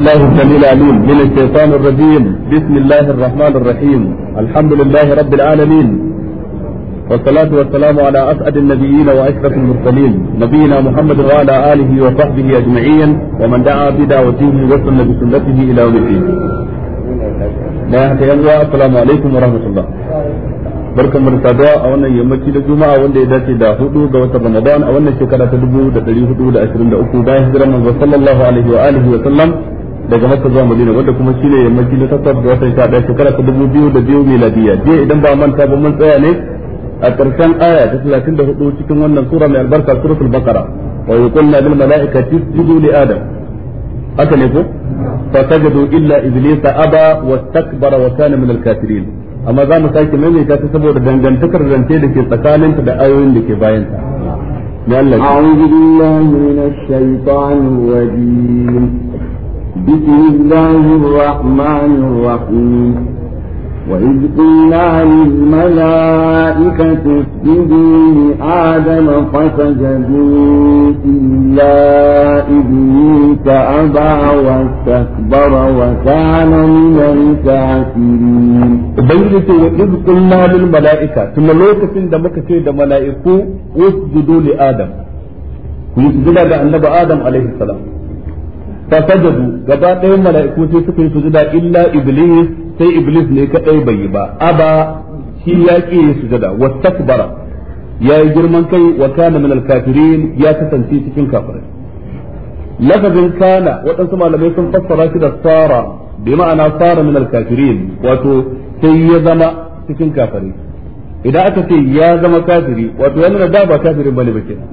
الله الجميل العليم من الشيطان الرجيم بسم الله الرحمن الرحيم الحمد لله رب العالمين والصلاة والسلام على أسعد النبيين وأشرف المرسلين نبينا محمد وعلى آله وصحبه أجمعين ومن دعا بدعوته وسن بسنته إلى يوم الدين. لا الله السلام عليكم ورحمة الله. بارك بركة مرتبة أو أن يمشي الجمعة أو أن يداتي داهوتو دوات رمضان أو أن الشكالة تدبو تدري هدو لأشرين لأكو باهي رمضان وصلى الله عليه وآله وسلم daga Makka zuwa Madina wanda kuma shine yammaci na takwas ga watan 11 shekara ta 2002 miladiya je idan ba manta ba mun tsaya ne a ƙarshen aya ta talatin da hudu cikin wannan sura mai albarka suratul bakara wa yuqulna lil malaikati isjudu li adam haka ne ko fa illa iblisa aba wastakbara wa kana min al kafirin amma za mu sake maimaita ta saboda dangantakar zance da ke tsakaninta da ayoyin da ke bayanta أعوذ بالله من الشيطان الرجيم بسم الله الرحمن الرحيم وإذ قلنا للملائكة اسجدوا لآدم فسجدوا إلا إبليس أبى واستكبر وكان من الكافرين. بينت وإذ قلنا للملائكة ثم لوكة دمك سيد ملائكو اسجدوا لآدم. ويسجد لأن آدم عليه السلام. fasajadu gaba ɗayan mala'iku sai suka yi sujuda illa iblis sai iblis ne kadai bai yi ba aba shi ya ki yi sujuda takbara. ya yi girman kai wa kana min alkafirin ya kasance cikin kafirai lafazin kana waɗansu malamai sun fassara shi da sara bi ma'ana sara min alkafirin wato sai ya zama cikin kafirai idan aka ce ya zama kafiri wato yana da ba kafirin bane ba kenan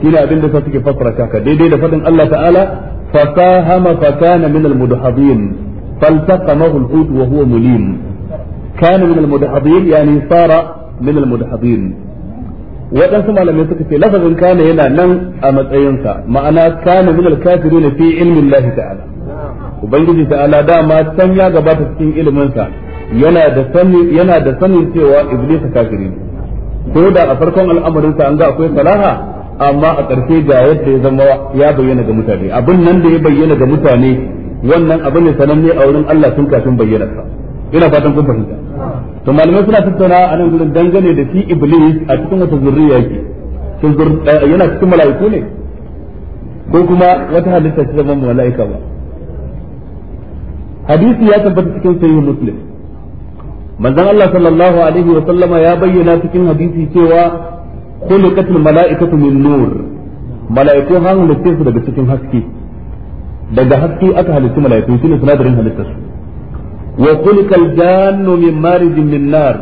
shine abin da suke fassara kaka daidai da fadin Allah ta'ala فساهم فكان من المدحضين فالتقمه الحوت وهو مليم كان من المدحضين يعني صار من المدحضين waɗansu malamai suka ce lafazin kana yana nan a matsayinsa ma'ana kana min al-kafirin fi ilmin Allah ta'ala ubangiji ta'ala dama san ya gabata cikin ilimin yana da sani sanin cewa iblis kafiri ne ko da a farkon al'amarin sa an ga akwai salaha amma a ƙarshe ga yadda ya zama ya bayyana ga mutane abin nan da ya bayyana ga mutane wannan abin ne sananne a wurin Allah tun kafin bayyana sa ina fatan kun fahimta to malamai suna tattauna a nan gurin dangane da shi iblis a cikin wata zurriya yake eh, yana cikin mala'iku ne ko kuma wata halitta ce zama mala'ika ba hadisi ya tabbata cikin sahihul muslim manzon Allah sallallahu alaihi wa sallama ya bayyana cikin hadisi cewa khuliqatil mala'ikatu min nur mala'iku an halitta daga cikin haske daga haske aka halitta mala'iku shine sinadarin halittar su wa khuliqal jannu min marijin min nar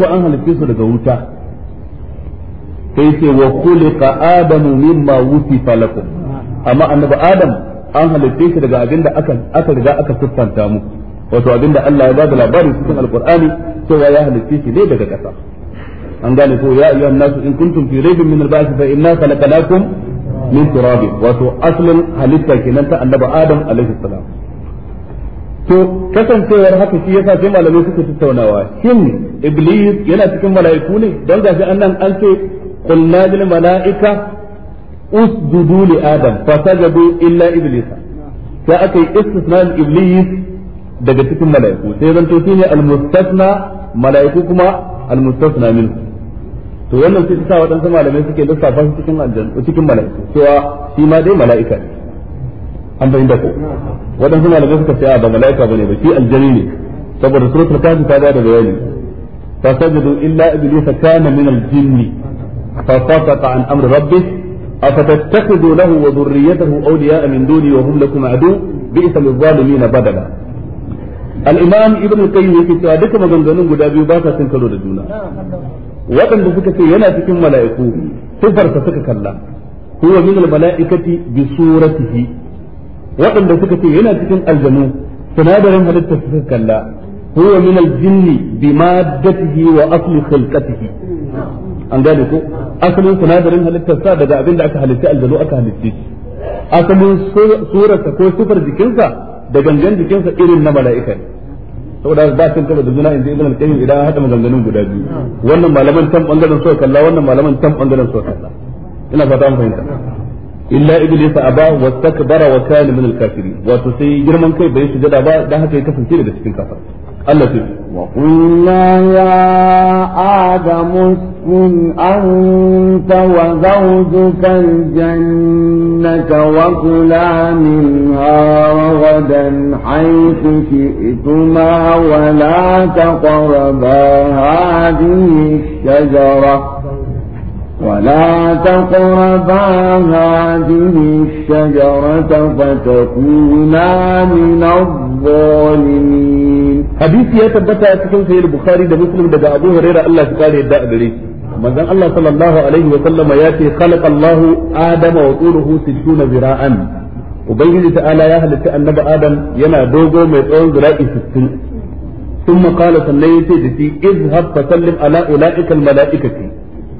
ko an halitta daga wuta sai ce wa khuliqa adamu mimma wusifa lakum amma annabi adam an halitta daga abinda aka aka riga aka siffanta muku wato abinda Allah ya ba da labari cikin al'kur'ani cewa ya halitta shi ne daga kasa an gane ko ya ayyuhan nasu in kuntum fi raibin min al-ba'th fa inna khalaqnakum min turab wato aslin halitta kenan ta annabi adam alaihi salam to kasancewar haka shi yasa sai malamai suka tattaunawa shin iblis yana cikin mala'iku ne don gashi annan an ce qulna lil mala'ika usjudu li adam fasajadu illa iblis sai aka yi istisna iblis daga cikin mala'iku sai zan to shine al-mustasna mala'iku kuma al-mustasna minhu to wannan sai sa waɗansu malamai suke lissafa shi cikin aljanna cikin mala'iku cewa shi ma dai mala'ika ne an bayin da ko waɗansu malamai suka ce ba mala'ika bane ba shi aljani ne saboda suratul kafir ta da bayani fa sajadu illa iblisa kana min aljinni fa fataqa an amri rabbih أفتتخذوا له وذريته أولياء من دوني وهم لكم عدو بئس للظالمين cewa الإمام maganganun guda biyu ba مغنغنون cin karo da juna. waɗanda suka ce yana cikin mala'iku sifarsa suka kalla huwa min al-mala'ikati bi suratihi waɗanda suka ce yana cikin aljanu sinadarin halitta suka kalla huwa min al-jinni bi maddatihi wa asli khalqatihi an gane ko asalin sinadarin halitta sa daga abin da aka halitta aljanu aka halitta asalin surarsa ko sufar jikinsa da gangan jikinsa irin na mala'ika saboda ba sun kaba da juna inda ibn al-qayyim idan an hada maganganun guda biyu wannan malaman tan bangaren so kalla wannan malaman tan bangaren so kalla ina fata an fahimta illa iblis aba wa takbara wa kana min al-kafirin wato sai girman kai bai da ba dan haka ya kasance daga cikin kafir Allah ya وقلنا يا آدم اسكن أنت وزوجك الجنة وكلا منها رغدا حيث شئتما ولا تقربا هذه الشجرة ولا تقربا هذه الشجرة فتكونا من الظالمين hadisi ya tabbata cikin sahih bukhari da muslim daga abu hurairah Allah ya kare yadda a gare shi manzon Allah sallallahu alaihi wa sallam ya ce khalaqa Allah adama wa tuluhu 60 zira'an ubangiji ta'ala ya halitta annabi adam yana dogo mai tsawon zira'i 60 ثم قال صلى يتي دتي اذهب فسلم على اولئك الملائكه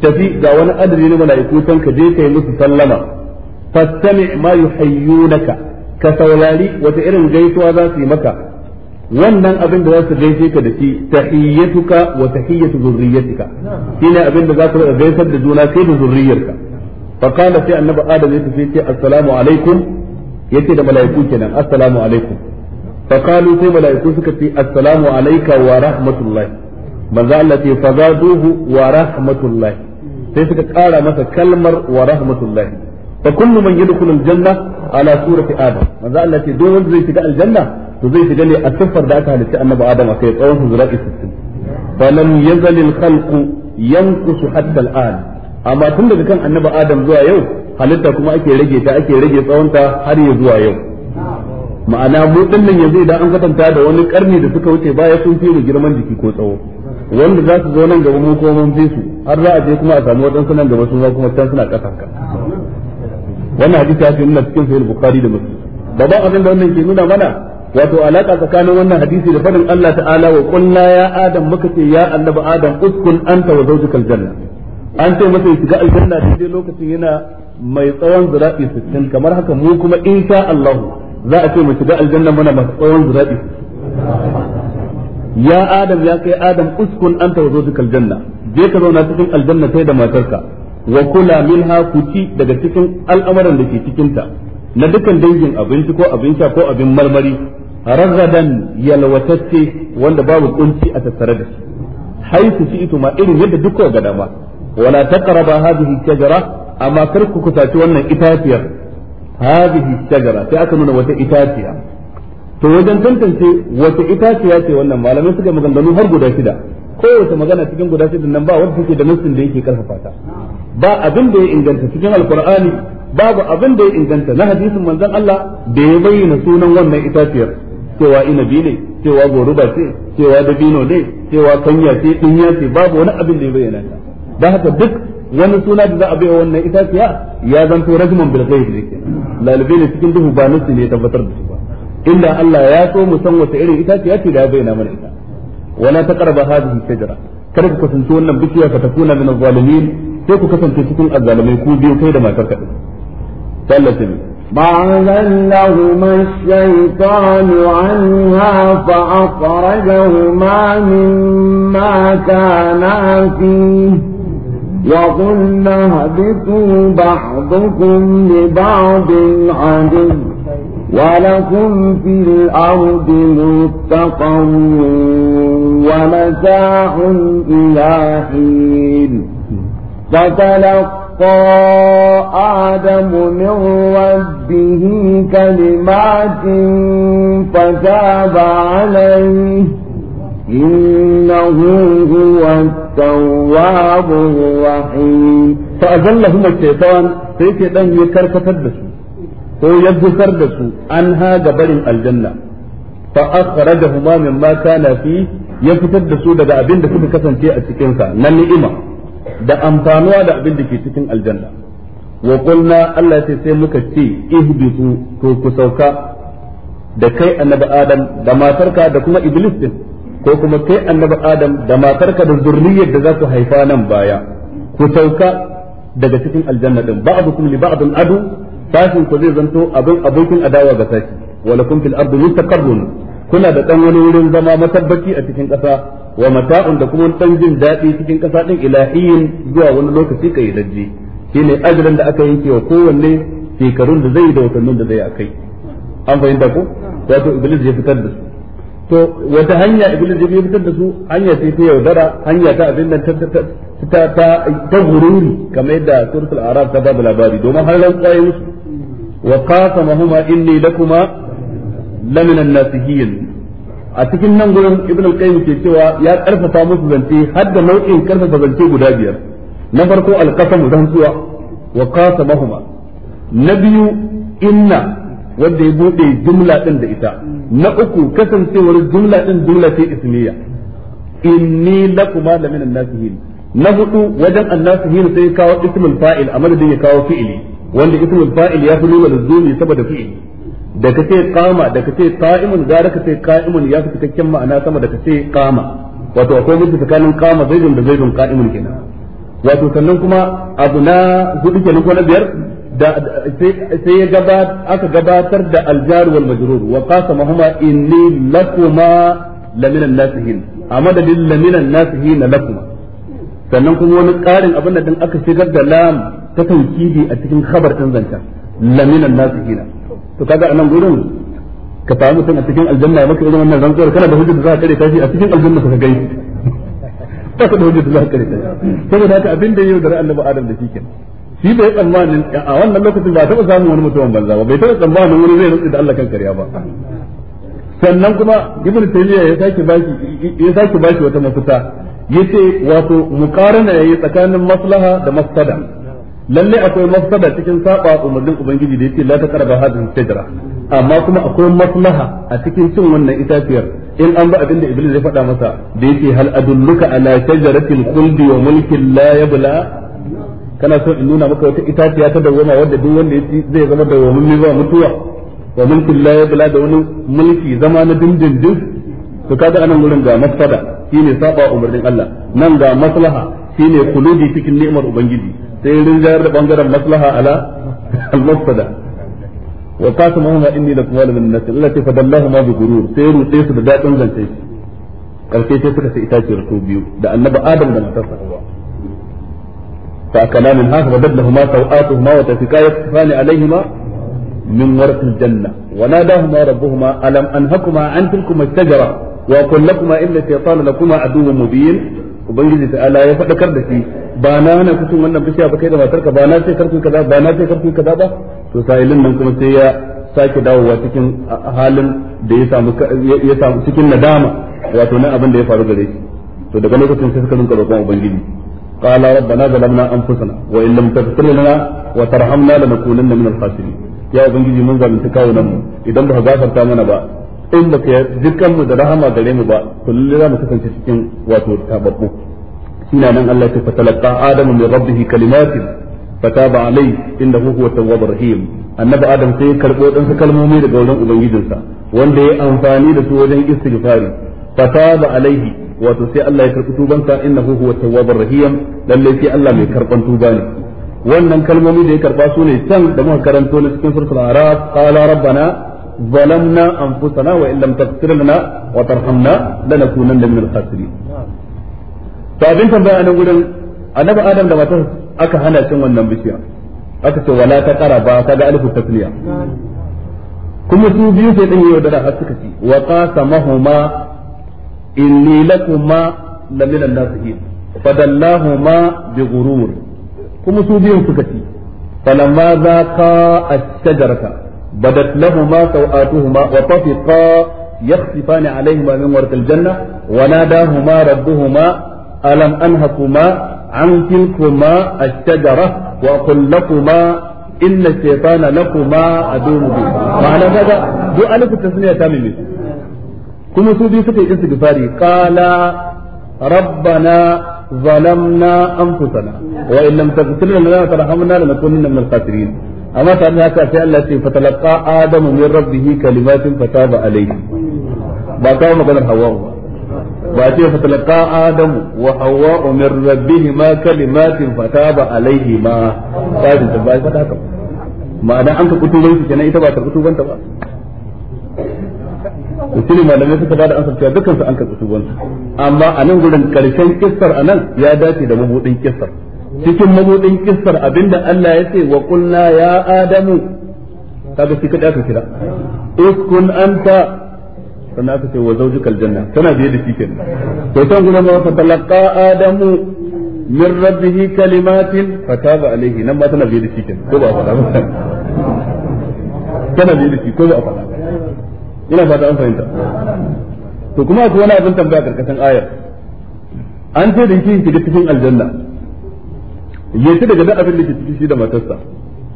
تفي ga wani adadi na mala'iku can ka je kai musu sallama fastami ma naka. ka saurari wata irin gaisuwa za su yi maka wannan abin da za su gaishe ka da shi tahiyyatuka wa tahiyyatu zurriyyatika shine abin da za ku gaisar da juna kai da zurriyarka fa kana sai annabi adam ya tafi ce assalamu alaikum yace da mala'iku kenan assalamu alaikum fa qalu sai mala'iku suka ce assalamu alayka wa rahmatullahi manzo Allah ce fa zaduhu wa rahmatullahi sai suka kara masa kalmar wa rahmatullahi fa kullu man yadkhulu aljanna ala surati adam manzo Allah ce duk wanda zai shiga aljanna to zai shiga ne a siffar da aka halitta annabi adam akai tsawon su zura'i 60 falam yazal al khalq yanqusu hatta al an amma tun daga kan annabi adam zuwa yau halitta kuma ake rage ta ake rage tsawon ta har ya zuwa yau ma'ana mu dinnan yanzu idan an katanta da wani karni da suka wuce baya sun fi da girman jiki ko tsawo wanda za su zo nan gaba mu ko mun fi su har za a je kuma a samu wadansu nan gaba sun zo kuma can suna kasan ka wannan hadisi ya fi nuna cikin sahih bukhari da muslim babban abin da wannan ke nuna mana wato alaka tsakanin wannan hadisi da fadin Allah ta'ala wa qul ya adam muka ce ya annabi adam uskun anta wa zawjuka Janna an ce masa ya shiga aljanna daidai lokacin yana mai tsawon zira'i 60 kamar haka mu kuma insha Allah za a ce mu shiga aljanna muna masu tsawon zira'i ya adam ya kai adam uskun anta wa zawjuka Janna je ka zauna cikin aljanna kai da matarka wa kula minha kuti daga cikin al'amuran da ke cikinta na dukkan dangin abinci ko abin sha ko abin marmari ragadan yalwatacce wanda babu kunci a tattare da shi haisu shi ituma irin yadda duka ga dama wala taqraba hadhihi shajara amma kar ku kusaci wannan itaciyar hadhihi shajara sai aka nuna wata itaciya to wajen tantance wata itaciya ce wannan malamai suka maganganu har guda shida kowace magana cikin guda shida nan ba wanda take da nassin da yake karfafa ta ba abin da ya inganta cikin alqur'ani babu abin da ya inganta na hadisin manzon Allah da ya bayyana sunan wannan itaciyar cewa inabi ne cewa goruba ce cewa dabino ne cewa kanya ce dinya ce babu wani abin da ya bayyana ta Da haka duk wani suna da za a baiwa wannan itaciya ya zanto rajman bil ghaib ne lalibe ne cikin duhu ba nasu ne tabbatar da su ba illa Allah ya so mu san wata irin itaciya ce da ya bayyana mana ita wala taqrabu hadhihi shajara kada ku kasance wannan bishiya ka takuna min az-zalimin sai ku kasance cikin az ku biyu kai da matar ka din sallatin لهما الشيطان عنها فأخرجهما مما كانا فيه وقلنا اهبطوا بعضكم لبعض عدو ولكم في الأرض مستقر ومتاع إلى حين فتلقى استسقى آدم من ربه كلمات فتاب عليه إنه هو التواب الرحيم فأذلهم الشيطان سيكي لن يكركتر بسو هو يذكر بسو أنها قبل الجنة فأخرجهما مما كان فيه يفتد سودة أبين دكتور كسن شيء أتكنسا نلئمة da amfanuwa da abin da ke cikin aljanna wa qulna Allah ce sai muka ce ihbitu to ku sauka da kai annabi adam da matarka da kuma iblis din ko kuma kai annabi adam da matarka da zurriyar da za ku haifa nan baya ku sauka daga cikin aljanna din ba'dukum li ba'din adu sashin ku zai zanto abin abokin adawa ga sashi walakum fil ardi mustaqarrun kuna da dan wani wurin zama matabbaci a cikin ƙasa wa mata'un da kuma dan jin daɗi cikin ƙasa din ilahiyin zuwa wani lokaci kai dajji shine ajalin da aka yanke wa kowanne shekarun da zai da watannin da zai akai an fahimta ko wato iblis ya fitar da su to wata hanya iblis ya fitar da su hanya ce ta yaudara hanya ta abin nan ta ta ta gururi kamar yadda suratul araf ta babu labari domin har ran tsaye musu wa qasamahuma inni lakuma lamina nasihin a cikin nan gurin ibn al-qayyim ke cewa ya karfafa musu zance har da nau'in karfafa zance guda biyar na farko al-qasam rantsuwa wa qasamahuma na biyu inna wanda ya bude jumla din da ita na uku kasancewar jumla din jumla ce ismiya inni lakuma lamin an-nasihin na hudu wajen an-nasihin sai kawo ismul fa'il a madadin ya kawo fi'ili wanda ismul fa'il ya fi nuna lazumi saboda fi'ili da ka ce kama da ka ce qa'imun gara ka ce qa'imun ya fi cikakken ma'ana sama da ka ce kama wato akwai mutu tsakanin kama zaidun da zaidun qa'imun kenan wato sannan kuma abu na hudu kenan ko na biyar da sai ya gabat aka gabatar da aljaru wal majrur wa qasamahuma inni lakuma lamina nasihin a madadin lamina nasihin lakuma sannan kuma wani karin abin da din aka shigar da lam ta taukidi a cikin khabar din zanta lamina nasihin to kaga anan gurin ka samu mutum a cikin aljanna ya maka irin wannan rantsuwar kana da hujjar da za ka kare kashi a cikin aljanna ka gai ta ka da hujjar da za ka kare kashi saboda haka abin da yau da annabi adam da shi kenan shi bai tsammanin a wannan lokacin ba taɓa samun wani mutumin banza ba bai taɓa tsammanin wani zai rantsi da Allah kan kariya ba sannan kuma ibnu taymiya ya saki baki ya saki baki wata mafita yace wato muqarana yayi tsakanin maslaha da mafsada lallai akwai mafsada cikin saba umarnin ubangiji da yake la ta karaba hadin shajara amma kuma akwai maslaha a cikin cin wannan itaciyar in an ba abin da iblis zai faɗa masa da yake hal adulluka ala shajaratil khuldi wa mulkin la yabla kana so in nuna maka wata itaciya ta dawwama wanda duk wanda yaci zai zama dawwamin ba mutuwa wa mulkin la yabla da wani mulki zama na dindindin to kaga anan gurin ga mafsada shine saba umarnin Allah nan ga maslaha shine kuludi cikin ni'imar ubangiji sai rinjayar da bangaren maslaha ala al-mafsada wa qatamahuma inni lakum wala min nas allati fadallahuma bi gurur sai rutse su da dadin zance karshe sai suka sai itaciyar su biyu da annabi adam da matarsa hawa fa akala min ha wa dadlahuma sawatuhuma wa tafiqa yakfani alaihima min warqil janna wa nadahuma rabbuhuma alam anhakuma an tilkuma ash-shajara wa qul lakuma inna shaytana lakuma aduwwun mubin ubangiji ta ala ya faɗakar da shi ba na hana ku wannan bishiya ba kai da matarka ba na ce karfin kaza ba na ce karfin kaza ba to sa'ilin nan kuma sai ya sake dawowa cikin halin da ya samu ya samu cikin nadama wato na abin da ya faru gare shi to daga lokacin sai suka rinka roƙon ubangiji qala rabbana zalamna anfusana wa in lam taghfir lana wa tarhamna lanakunanna al khasirin ya ubangiji mun zalunta kawunan mu idan ba ka gafarta mana ba in baka jikan mu da rahama gare mu ba to lalle za mu kasance cikin wato tababbu shine nan Allah ya fatalaqa adamu min rabbih kalimatin fataba alayhi innahu huwa tawwabur rahim annabi adam sai ya karbo dan kalmomi daga wurin ubangijinsa wanda ya amfani da su wajen istighfari fataba alayhi wato sai Allah ya karbi tubansa innahu huwa tawwabur rahim lalle sai Allah mai karban tuba ne wannan kalmomi da ya karba su ne can da muka karanto cikin suratul araf qala rabbana ظلمنا أنفسنا وإن لم تغفر لنا وترحمنا لنكونن من الخاسرين فأبين تنبأ أنا أقول annabi adam da matarsa aka hana cin wannan bishiya aka ce wala ta kara ba ta ga alifu tasliya kuma su biyu sai din yau da har suka ci wa qasamahuma inni lakuma la min an bi kuma su بدت لهما سوآتهما وطفقا يخصفان عليهما من ورق الجنة وناداهما ربهما ألم أنهكما عن تلكما الشجرة وأقل لكما إن الشيطان لكما عدو مبين معنى هذا دو ألف التسمية تاممي كما سوبي سكي استغفاري قال ربنا ظلمنا أنفسنا وإن لم تغفر لنا وترحمنا لنكونن من الخاسرين amma ta ne haka sai Allah ce fatalaqa adamu min rabbihi kalimatin fataba alayhi ba ta maganar hawa ba ce fatalaqa adamu wa hawa min rabbihima kalimatin fataba alayhi ma ta ji ba ta haka ma'ana an ka kutuban su kenan ita ba ta kutubanta ba shi malamai suka bada ansar cewa dukkan su an karɓi su amma a nan gurin karshen kissar a nan ya dace da mabudin kissar cikin mabudin kissar abinda Allah ya ce wa qulna ya adamu kaga shi kada ka kira uskun anta sannan ka ce wa zawjuka aljanna tana biye da cikin. kenan to san gurin ma fa talaqa adamu min rabbihi kalimatin fataba alaihi nan ma tana biye da cikin. kenan ko ba faɗa ba tana biye da cikin ko ba faɗa ina fata an fahimta to kuma akwai wani abin tambaya karkashin ayar an ce da yake shiga cikin aljanna ya ci daga duk abin da ke cikin shi da matarsa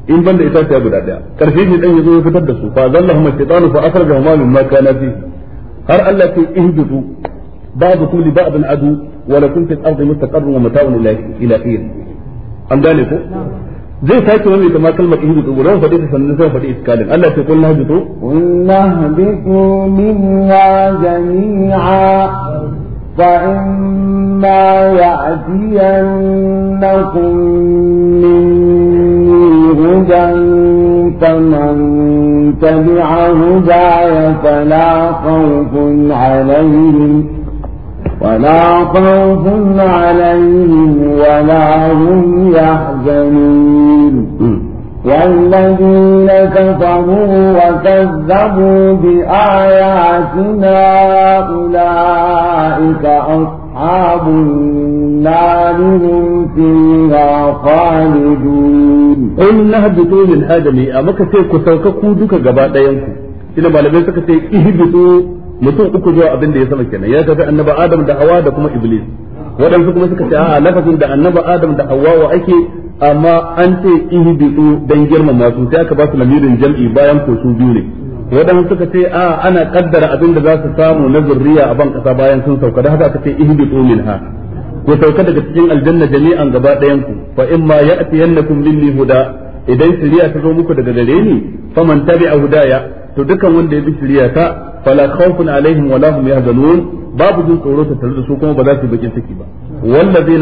in banda ita ta guda daya karshe shi dan yazo ya fitar da su fa zallahu shaytanu fa akhraja ma mimma kana fi har Allah ke ihdudu ba'dukum li ba'din adu wa lakum fil ardi mustaqarrun wa mata'un ila ila hin an gane ko zai sake wani da makal maka hidu guda faɗi ta sannan zai faɗi iskalin Allah ce kullu hajju to kullu hajju min jami'a فإما يأتينكم مني هدى فمن تبع هداي فلا خوف عليهم ولا خوف عليهم ولا هم يحزنون والذين كفروا وكذبوا بآياتنا أولئك أصحاب النار هم فيها خالدون إن اهبطوا من آدم أما كسيكو سوككو دوكا غباء دينكو إنما malamai suka ce ihbitu mutum uku zuwa abin ya sama kenan ya tafi annaba adam da hawa da kuma iblis waɗansu kuma suka ce a lafazin da annaba adam da hawa wa ake amma an ce ihbitu dan girmama su sai aka ba su lamirin jam'i bayan ko su biyu ne suka ce a ana kaddara abin da za su samu na zurriya a ban kasa bayan sun sauka da haka aka ce ihbitu minha ku sauka daga cikin aljanna jami'an gaba ɗayan ku fa imma ya'tiyannakum minni huda idan shiriya ta zo muku daga gare ni faman tabi'a hudaya to dukan wanda ya bi shiriya ta fala khawfun alaihim wala hum yahzanun babu jin tsoro ta tare da su kuma ba za su yi bakin ciki ba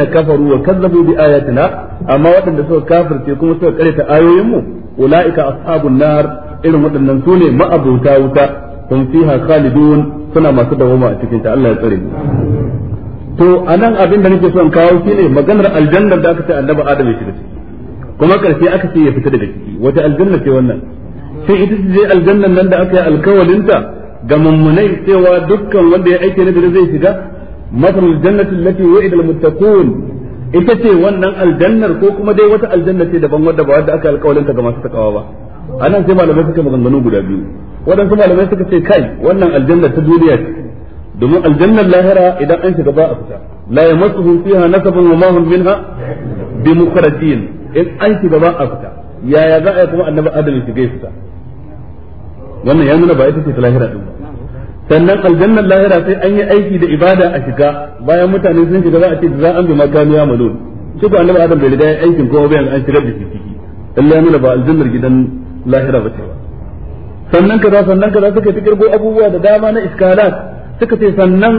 na kafaru wa kazzabu bi ayatina amma waɗanda suka kafirce kuma suka karanta ayoyin mu ulaika ashabun nar irin waɗannan su ne ma'abuta wuta hum fiha khalidun suna masu dawoma a cikin ta Allah ya tsare mu to anan abin da nake so in kawo shine maganar aljanna da aka ce annabi adam ya shiga ciki kuma karshe aka ce ya fita daga ciki wata aljanna ce wannan sai ita ce aljannan nan da aka yi alkawalinta ga mummunai cewa dukkan wanda ya aike nagari zai shiga masalul jannati allati wa'ida almuttaqun ita ce wannan aljannar ko kuma dai wata aljanna ce daban wadda ba wadda aka alƙawarin ta ga masu takawa ba anan sai malamai suka maganganu guda biyu waɗansu malamai suka ce kai wannan aljannar ta duniya ce domin aljannar lahira idan an shiga ba a fita la yamassuhum fiha nasabun wa ma hum minha bimukhrajin in an shiga ba a fita yaya za a yi kuma annabi adam ya shiga fita wannan ya nuna ba ita ce ta lahira din sannan aljannar lahira sai an yi aiki da ibada a shiga bayan mutane sun shiga za a ce za an bi makami ya malun shi ko annabi adam bai riga ya aikin kuma bayan an shigar da shi ciki Allah ya nuna ba aljannar gidan lahira ba ce ba sannan kaza sannan kaza suka ta kirgo abubuwa da dama na iskalat suka ce sannan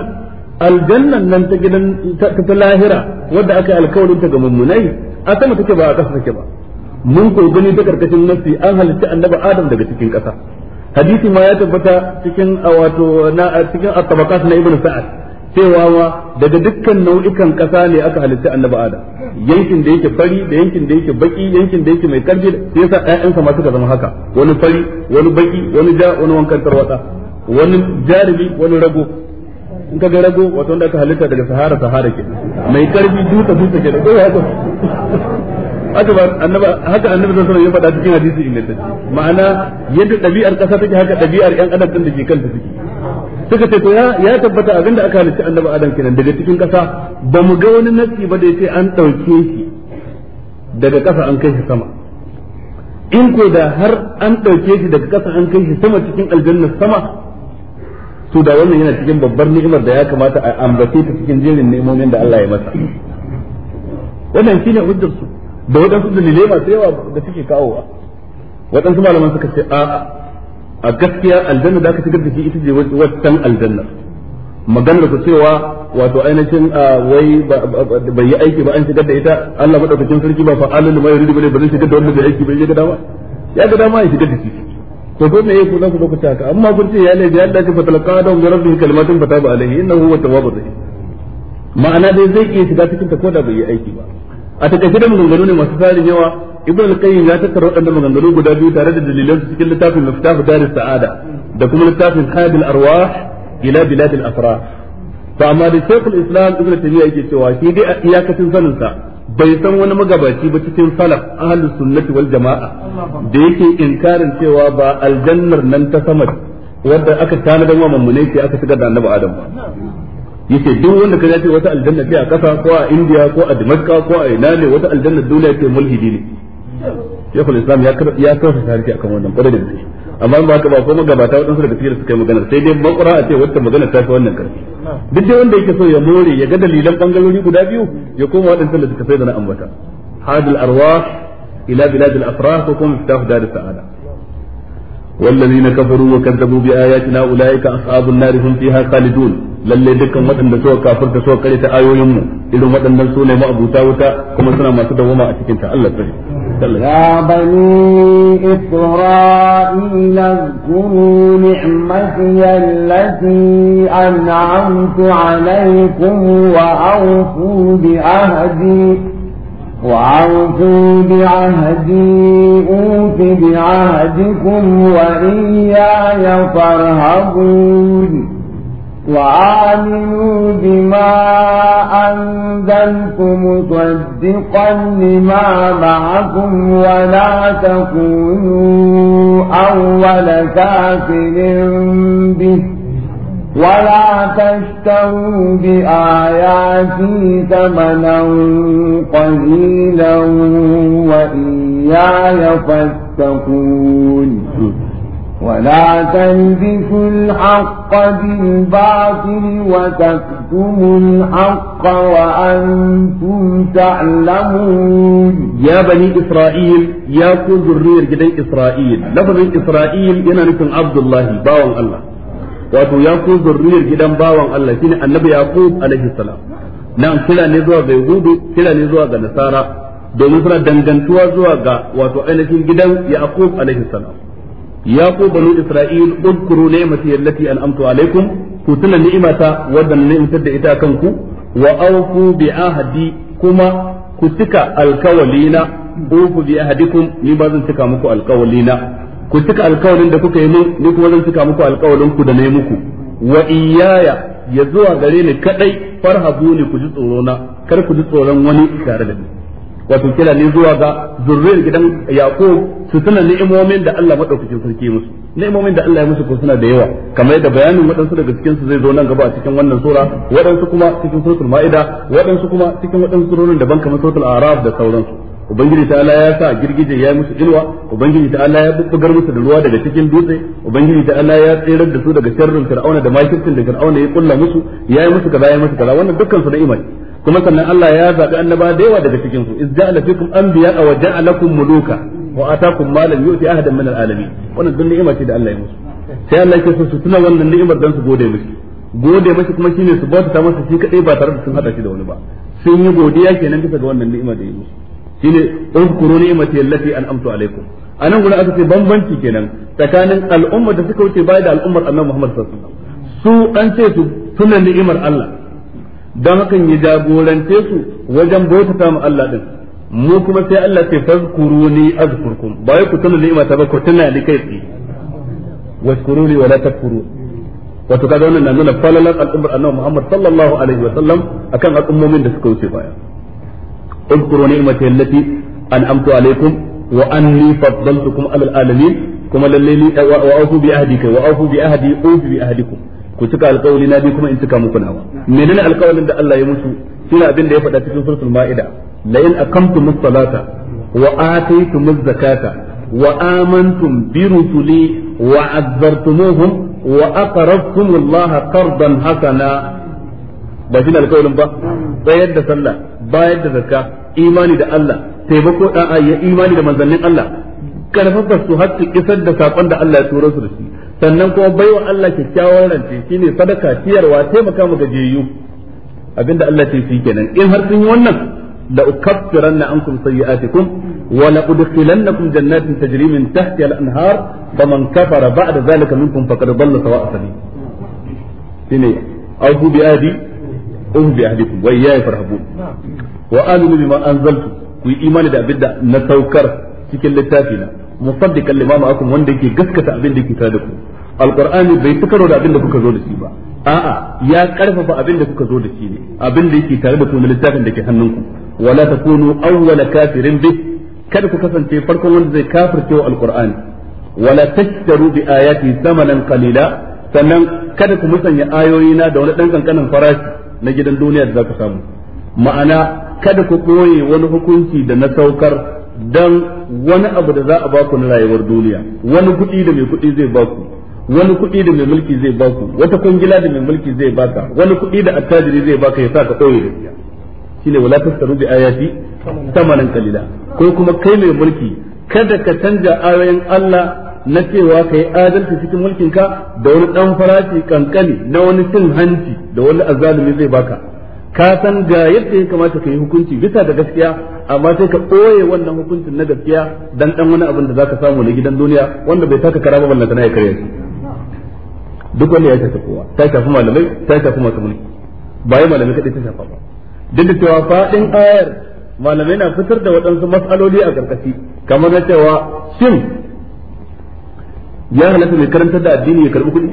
aljannan nan ta gidan ta lahira wadda aka yi alkawarin ta ga mummunai a sama take ba a ƙasa take ba mun ko gani ta karkashin nasi an halitta annabi adam daga cikin ƙasa hadisi ma ya tabbata cikin wato na cikin at-tabaqat na ibnu sa'ad cewa wa daga dukkan nau'ikan kasa ne aka halitta annabi adam yankin da yake fari da yankin da yake baki yankin da yake mai karfi sai yasa ƴaƴansa ma suka zama haka wani fari wani baki wani ja wani wankan tarwata wani jarumi wani rago in ka ga rago wato wanda aka halitta daga sahara sahara ke mai karfi duta duta ke da kowa haka ba annabi haka annabi sallallahu alaihi wasallam ya faɗa cikin hadisi ingantacce ma'ana yadda ɗabi'ar ƙasa take haka ɗabi'ar ƴan adam din da ke kanta take suka ce to ya tabbata abinda aka halicci annabi adam kenan daga cikin ƙasa ba mu ga wani nasi ba da yace an ɗauke shi daga ƙasa an kai shi sama in ko da har an ɗauke shi daga ƙasa an kai shi sama cikin aljanna sama to da wannan yana cikin babbar ni'imar da ya kamata a ambace ta cikin jerin ne'imomin da Allah ya masa wannan shine hujjar su da waɗansu dalilai masu yawa da suke kawowa waɗansu malaman suka ce a a gaskiya aljanna da aka shigar da shi ita ce wancan aljanna maganar ku cewa wato ainihin wai bai yi aiki ba an shigar da ita Allah madaukakin sarki ba fa'alun da mai yuridu bane ba zai shigar da wanda bai aiki ba ya ga dama ya ga dama ya shigar da shi to ko me yake da ku lokaci haka amma kun ce ya ne ya dace fa talqa da wa rabbi fata ba alaihi innahu huwa tawwabur rahim ma'ana dai zai iya shiga cikin ta ko da bai yi aiki ba a takaice da maganganu ne masu tsarin yawa ibn al-qayyim ya tattara waɗannan maganganu guda biyu tare da dalilan cikin littafin miftahu daris sa'ada da kuma littafin hadil arwah ila bilad al-afra to amma da shaykhul islam ibn taymiya yake cewa shi dai a iyakacin sanin sa bai san wani magabaci ba cikin salaf ahlus sunnati wal jama'a da yake inkarin cewa ba aljannar nan ta samar wadda aka tanadan wa mamune ce aka shigar da annabi adam ba yace duk wanda ka ce wata aljanna ce a ƙasa ko a indiya ko a Damascus ko a ina ne wata aljanna duniya ce mulhidi ne Sheikhul Islam ya ya kafa tarihi kan wannan kwarai da gaske amma ba haka ba ko magabata wadansu daga cikin suka yi magana sai dai makura a ce wata magana ta fi wannan karfi duk dai wanda yake so ya more ya ga dalilan bangalori guda biyu ya koma wadansu da suka sai da na ambata hadal arwah ila bilad al afrah ko kuma miftahu dar sa'ada kafaru والذين كفروا وكذبوا بآياتنا أولئك أصحاب النار هم فيها خالدون lalle dukkan waɗanda suka kafirta suka kare ta ayoyin mu irin waɗannan su ne ma'abuta wuta kuma suna masu dawama a cikin ta Allah tsare يا بني إسرائيل اذكروا نعمتي التي أنعمت عليكم وأوفوا بعهدي وأوفوا بعهدي أوف بعهدكم وإياي فارهبون وآمنوا بما أنزلت مصدقا لما معكم ولا تكونوا أول كافر به ولا تشتروا بآياتي ثمنا قليلا وإياي فاتقون ولا تلبسوا الحق بالباطل وتكتموا الحق وأنتم تعلمون يا بني إسرائيل يا كل ذرية جدي إسرائيل لفظ إسرائيل إنا نكون عبد الله باوان الله wato ya ku zurriyar gidan bawan Allah shine annabi yaqub alaihi salam nan kira ne zuwa ga yahudu kira ne zuwa ga nasara domin suna dangantuwa zuwa ga wato ainihin gidan yaqub alaihi salam ya ku banu isra'il udkuru ni'mati allati an'amtu alaikum ku tuna ni'imata wadda na da ita kanku wa awfu bi ahdi kuma ku cika alkawalina ku bi ahdikum ni ba zan cika muku alkawalina ku cika alkawalin da kuka yi min ni kuma zan cika muku alkawalin ku da nayi muku wa iyaya ya zuwa gare ni kadai farhabuni ku ji tsoro na kar ku ji tsoron wani tare da ni wato kira ne zuwa ga zurriyar gidan yaqub su tuna ni'imomin da Allah madaukakin sarki musu ni'imomin da Allah ya musu ko suna da yawa kamar yadda bayanin waɗansu daga cikin su zai zo nan gaba a cikin wannan sura waɗansu kuma cikin suratul ma'ida waɗansu kuma cikin waɗansu surorin daban kamar suratul araf da sauransu ubangiji ta Allah ya sa girgije ya musu ilwa ubangiji ta Allah ya bubbugar musu da ruwa daga cikin dutse ubangiji ta Allah ya tsirar da su daga sharrin fir'auna da makircin da fir'auna ya kulla musu ya yi musu kaza ya musu kaza wannan dukkan su da imani kuma sannan Allah ya zabi annaba da yawa daga cikin su iz ja'ala fikum anbiya wa ja'alakum muluka wa atakum ma lam yu'ti ahadan min al'alamin wannan duk ni'ima ce da Allah ya musu sai Allah yake so su tuna wannan ni'imar dan su gode miki gode miki kuma shine su bauta ta masa shi kadai ba tare da sun hada shi da wani ba sun yi godiya kenan bisa ga wannan ni'ima da ya musu shine ukuru ni'imati allati an'amtu alaikum anan gura aka ce bambanci kenan tsakanin al'umma da suka wuce baya da al'ummar Annabi Muhammad sallallahu alaihi wasallam su an ce su tuna ni'imar Allah don hakan ya jagorance su wajen bautata mu Allah din mu kuma sai Allah ce fazkuruni azkurkum ba ku tuna ni'ima ta ba ku tuna ni kai tsi washkuruni wala takfuru wato kaga wannan na nuna falalan al'ummar annabi Muhammad sallallahu alaihi wa sallam akan al'ummomin da suka wuce baya اذكروا نعمتي التي alal alamin kuma lalle على العالمين كما للي واوفوا بعهدك واوفوا بعهدي اوفوا بعهدكم ku cika alkawali na bi kuma in cika muku nawa menene alkawalin da Allah ya musu suna abin da ya faɗa cikin suratul maida la in aqamtumus salata wa ataytumuz zakata wa amantum bi rusuli wa azzartumuhum wa aqrabtumullaha qardan hasana ba shine alkawalin ba bayar da sallah bayar da zakka imani da Allah taimako da'a ya imani da manzannin Allah karfafa su har isar da sakon da Allah ya turo su da shi sannan kuma baiwa Allah kyakkyawan rance shine sadaka ciyarwa taimaka mu gajiyayyu abinda Allah ce shi kenan in har sun yi wannan la ukaffiranna ankum sayyi'atikum wa la udkhilannakum jannatin tajri min tahtiha al-anhar faman kafara ba'da zalika minkum faqad dhalla sawa'a sabil shine aufu bi ahdi um bi ahdikum wa iyaya farhabun wa aminu bima anzaltu ku yi imani da abinda na saukar cikin littafina musaddiqan lima ma'akum wanda yake gaskata abin da yake tare da ku alqur'ani bai tukaro da kuka zo da shi ba a'a ya karfafa abinda da kuka zo da shi ne abin da yake da ku na littafin da hannunku wala takunu awwala kafirin bi kada ku kasance farkon wanda zai kafirce wa alqur'ani wala rubi bi ayati thamanan qalila sannan kada ku musanya ayoyina da wani dan kankanin farashi na gidan duniya da za ku samu ma'ana kada ku ɓoye wani hukunci da na saukar dan wani abu da za a baku na rayuwar duniya wani kuɗi da mai kuɗi zai baku wani kuɗi da mai mulki zai baku wata kwangila da mai mulki zai baka wani kuɗi da attajiri zai baka ya sa ka koyi da Shi ne wala tasaru bi ayati tamanan kalila ko kuma kai mai mulki kada ka canja ayoyin Allah na cewa ka adalci cikin mulkin ka da wani ɗan farashi kankani na wani cin hanci da wani azalumi zai baka ka san ga yadda ya kamata ka yi hukunci bisa da gaskiya amma sai ka ɓoye wannan hukuncin na gaskiya dan dan wani abin da zaka samu na gidan duniya wanda bai taka kara ba wannan ya kare duk wanda ya shafi kowa ta shafi malamai ta shafi masu mulki ba yi malamai kadai ta shafa ba duk da cewa faɗin ayar malamai na fitar da waɗansu matsaloli a karkashi kamar na cewa shin ya halatta mai karantar da addini ya karɓi kuɗi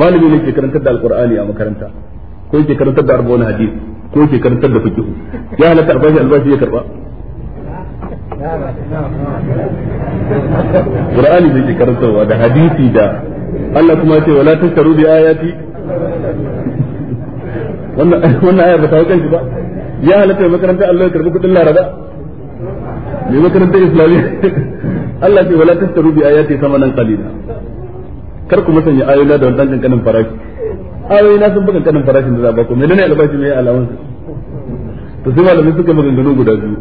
malami ne ke karantar da alƙur'ani a makaranta ko yake karantar da wani hadis ko yake karantar da fiqh ya halatta albashi albashi ya karba Qur'ani zai ke karantarwa da hadisi da Allah kuma ce wala tashtaru bi ayati wannan wannan ayar ba ta hukunci ba ya halatta makarantar Allah ya karbi ku musanya ayoyi awai na sun buga kanin farashin da za a Mai menene albashi mai alawan su to sai malamai suka maganganu guda biyu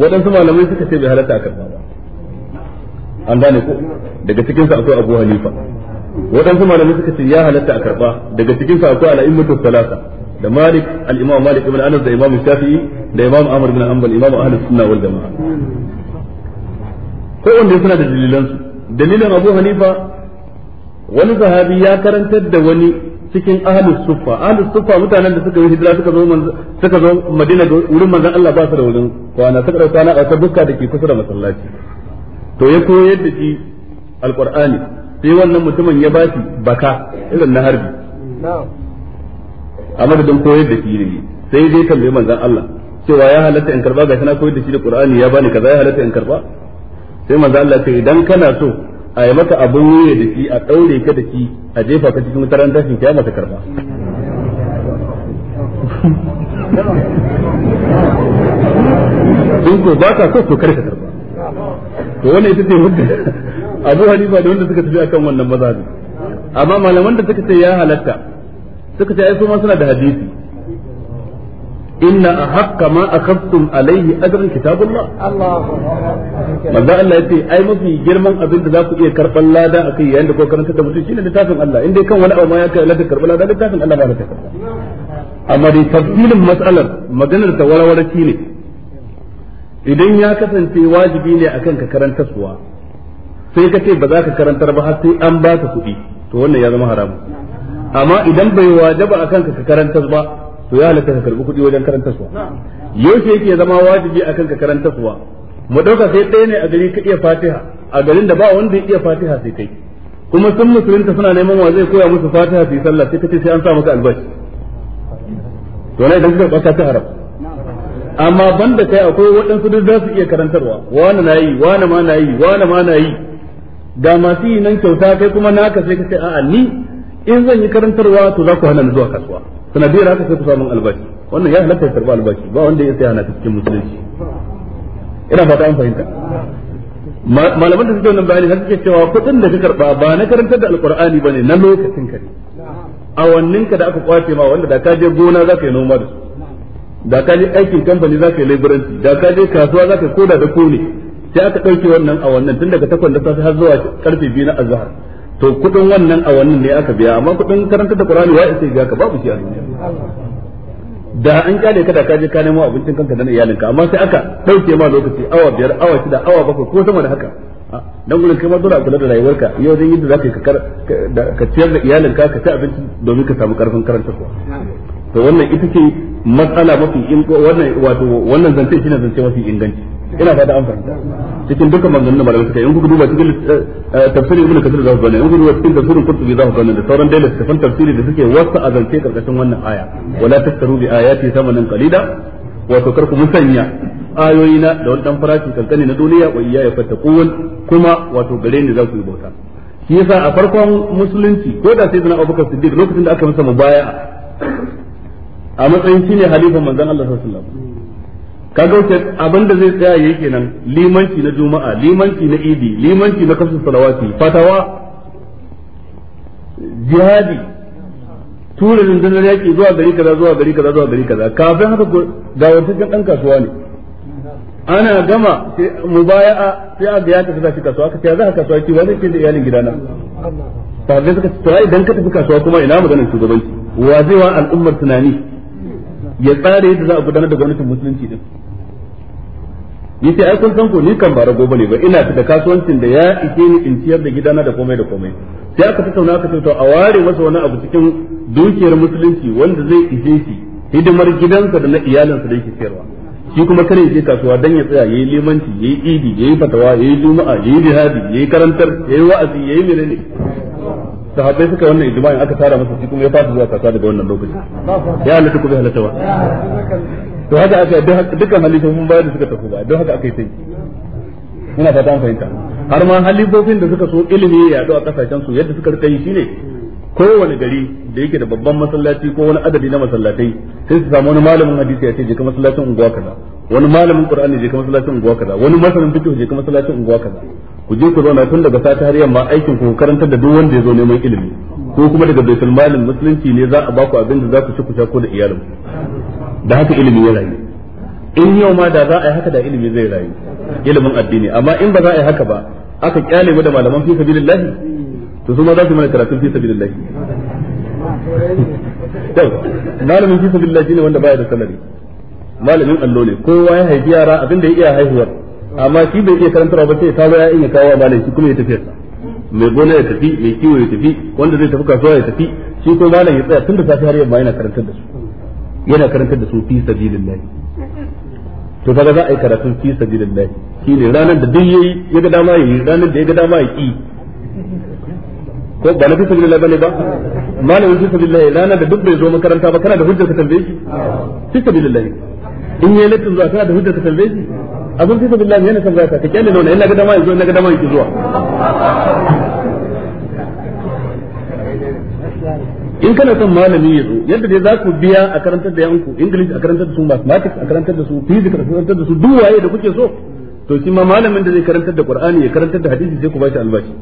waɗansu malamai suka ce bai halatta a karɓa ba an gane ko daga cikin sa akwai Abu halifa. waɗansu malamai suka ce ya halatta a karɓa daga cikin sa akwai al salasa da Malik al-Imam Malik ibn Anas da Imam Shafi'i da Imam amr ibn anbal Imam Ahlus Sunna wal Jamaa ko wanda suna da dalilan su dalilin Abu halifa. wani sahabi ya karantar da wani cikin ahlus suffa ahlus suffa mutanen da suka yi hijira suka zo suka zo madina wurin manzon Allah ba su da wurin kwana suka dauka na aka bukka da ke kusa da masallaci to ya koyar da shi alqur'ani sai wannan mutumin ya ba shi baka irin na harbi amma madadin koyar da shi ne sai dai tambaye manzon Allah cewa ya halatta in karba gashi na koyar da shi da qur'ani ya bani kaza ya halatta in karba sai manzon Allah ce idan kana so a yi maka abin wuya da shi a ɗaure ka da shi a jefa ka cikin wutar tashin kiyama ka karba sun ko ba ka so to kar ka karba to wani ita ce wanda Abu halifa da wanda suka tafi akan wannan maza ne. amma malaman da suka ce ya halatta suka ce ai su ma suna da hadisi inna ahqqa ma akhadtum alayhi ajran kitabullah Allahu manzo Allah yace ai mafi girman abin da za ku iya karban lada akai yayin da ko karanta da mutum shine littafin Allah in kan wani abu ma ya kai lada karban lada littafin Allah ba ta amma dai tafsilin mas'alar maganar ta ne idan ya kasance wajibi ne akan ka karanta suwa sai ka ce ba za ka karantar ba har sai an ba ka kuɗi to wannan ya zama haramu amma idan bai wajaba akan ka karantar ba to ya halatta ka karbi kuɗi wajen karanta suwa yaushe yake zama wajibi akan ka karanta suwa mu dauka sai ɗaya ne a gari ka iya fatiha a garin da ba wanda ya iya fatiha sai kai kuma sun musulunta suna neman wa zai koya musu fatiha su yi sallah sai kace sai an sa maka albashi to ne idan ka karɓa ta haram amma banda kai akwai waɗansu da za su iya karantarwa wani na yi wani ma na yi wani ma na yi ga masu yi nan kyauta kai kuma naka sai kace a'a ni in zan yi karantarwa to za ku hana ni zuwa kasuwa sanadiyar haka sai ku samu albashi wannan ya halatta ya karba albashi ba wanda ya tsaya na cikin musulunci ina fata an fahimta malaman da suke wannan bayani har suke cewa kuɗin da ka karɓa ba na karantar da alqur'ani ne na lokacin ka ne awannin ka da aka kwace ma wanda da ka je gona za ka yi noma da su da ka je aikin kamfani za ka yi laburanci da ka je kasuwa za ka yi koda da ko ne sai aka ɗauke wannan a wannan tun daga takwas da safe har zuwa karfe biyu na azahar to kudin wannan a wannan ne aka biya amma kudin karanta da Qur'ani wai sai ga ka babu shi a duniya da an kyale ka da ka je ka nemo abincin kanka da iyalinka amma sai aka dauke ma lokaci awa biyar awa shida awa bakwai ko sama da haka dan gurin kai ma dole a kula da rayuwarka yau dan yadda zaka ka ka ciyar da iyalinka ka ci abinci domin ka samu karfin karanta ko to wannan ita ce matsala mafi wannan wato wannan zance shine zance mafi inganci ina fata an fahimta cikin dukkan maganganun malamai suka in kuka duba cikin eh, eh, tafsirin ibnu kasir za ku gane in kuka duba cikin tafsirin qurtubi za ku gane da sauran dalil tafan tafsiri da suke wasa azance karkashin wannan aya wala tastaru bi ayati samanan qalida wato karku musanya ayoyi na da wani dan farashin kankani na duniya wa iya ya fattaqun kuma wato gare ni za ku yi bauta shi yasa a farkon musulunci ko da sai Abubakar Siddiq lokacin da aka masa mubaya'a a matsayin shine halifan manzon Allah sallallahu alaihi wasallam kaga wuce abin da zai tsaya yake nan limanci na juma'a limanci na idi limanci na kasu salawati fatawa jihadi tura rundunar yaƙi zuwa gari kaza zuwa gari kaza zuwa gari kaza kafin haka ga cikin ɗan kasuwa ne ana gama a sai a ga ya tafi zafi kasuwa ka za a kasuwa ki wani ce da iyalin gidana zai suka ce tsaye idan ka tafi kasuwa kuma ina maganar shugabanci wa zai wa al'ummar tunani ya tsara yadda za a gudanar da gwamnatin musulunci din ni sai sun san ko ni kan ba rago bane ba ina da kasuwancin da ya ike ni in ciyar da gidana da komai da komai sai aka tattauna aka ce a ware masa wani abu cikin dukiyar musulunci wanda zai ije shi hidimar gidansa da na iyalinsa da yake siyarwa. shi kuma kare je kasuwa dan ya tsaya yayi limanci yayi idi yayi fatawa yayi juma'a yayi jihadi yayi karantar yayi wa'azi yayi menene sahabbai suka wannan ijma'in aka tara masa shi kuma ya fasa zuwa kasuwa daga wannan lokaci ya halatta kuma halatta ba to haka aka dukkan halifofin baya da suka tafi ba don haka aka yi sai ina fata an fahimta har ma halifofin da suka so ilimi ya yaɗu a kasashen su yadda suka rika yi shine kowane gari da yake da babban masallaci ko wani adadi na masallatai sai su samu wani malamin hadisi ya ce je ka masallacin unguwa kaza wani malamin qur'ani je ka masallacin unguwa kaza wani masallacin fiqh je ka masallacin unguwa kaza ku je ku zauna tun daga sata har yamma aikin ku karantar da duk wanda ya zo neman ilimi ko kuma daga baitul malin musulunci ne za a baku abin da za ku ci ku sha ko da iyalin da haka ilimi ya rayu in yau ma da za a yi haka da ilimi zai rayu ilimin addini amma in ba za a yi haka ba aka kyale mu da malaman fi sabilillah to su ma za su mana karatu fi sabilillah yau malamin fi sabilillah ne wanda baya da salari malamin allo ne kowa ya haifi yara abin da ya iya haihuwar amma shi bai iya karantarwa ba sai ya zo ya iya kawo malamin shi kuma ya tafi mai gona ya tafi mai kiwo ya tafi wanda zai tafi kasuwa ya tafi shi ko malam ya tsaya tun da safe har yamma yana karantar da su yana karantar da su fi nai. to kaga za a yi karatun fi shi ne ranar da duk yayi ya ga dama yayi ranar da ya ga dama ya ki ko ba na fi sabilillah bane ba malamin fi sabilillah ranar da duk bai zo makaranta ba kana da hujjar ka tambaye shi fi sabilillah in yayi latin zuwa kana da hujjar ka tambaye shi abin fi sabilillah yana tambaya ka kyale nuna ina ga dama ina ga dama yake zuwa in kana son malami ya zo yadda dai za ku biya a karantar da yanku english a karantar da su mathematics a karantar da su physics a karantar da su duk waye da kuke so to shi ma malamin da zai karantar da qur'ani ya karantar da hadisi sai ku bashi albashi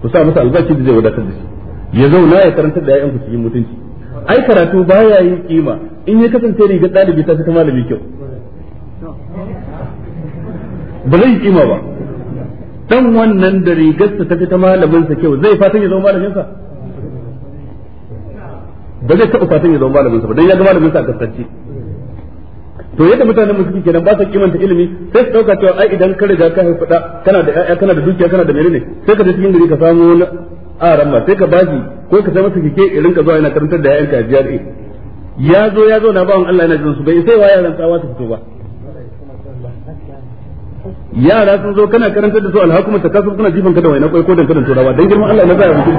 ku sa masa albashi da zai wadatar da shi ya zauna ya karantar da yayanku cikin mutunci ai karatu baya yin kima in ya kasance ga dalibi ta ta malami kyau ba zai yi kima ba dan wannan da rigarsa ta ta malamin sa kyau zai fatan ya zama malamin sa ba zai taɓa fatan ya zama malamin sa ba dan ya ga malamin sa a kasance to yadda mutanen mu suke kenan ba sa kimanta ilimi sai su dauka cewa ai idan ka riga ka haifa da kana da ƴaƴa kana da dukiya kana da menene sai ka je cikin gari ka samu wani aran ma sai ka baji ko ka zama su kike irin ka zuwa yana karantar da ƴaƴanka a eh ya zo ya zo na bawan Allah yana jin su bai sai wa yaran tsawa su fito ba yara sun zo kana karantar da su alhakuma ta kasu kuna jifan ka da wainar kwai ko dankalin turawa dan girman Allah na zaya mutum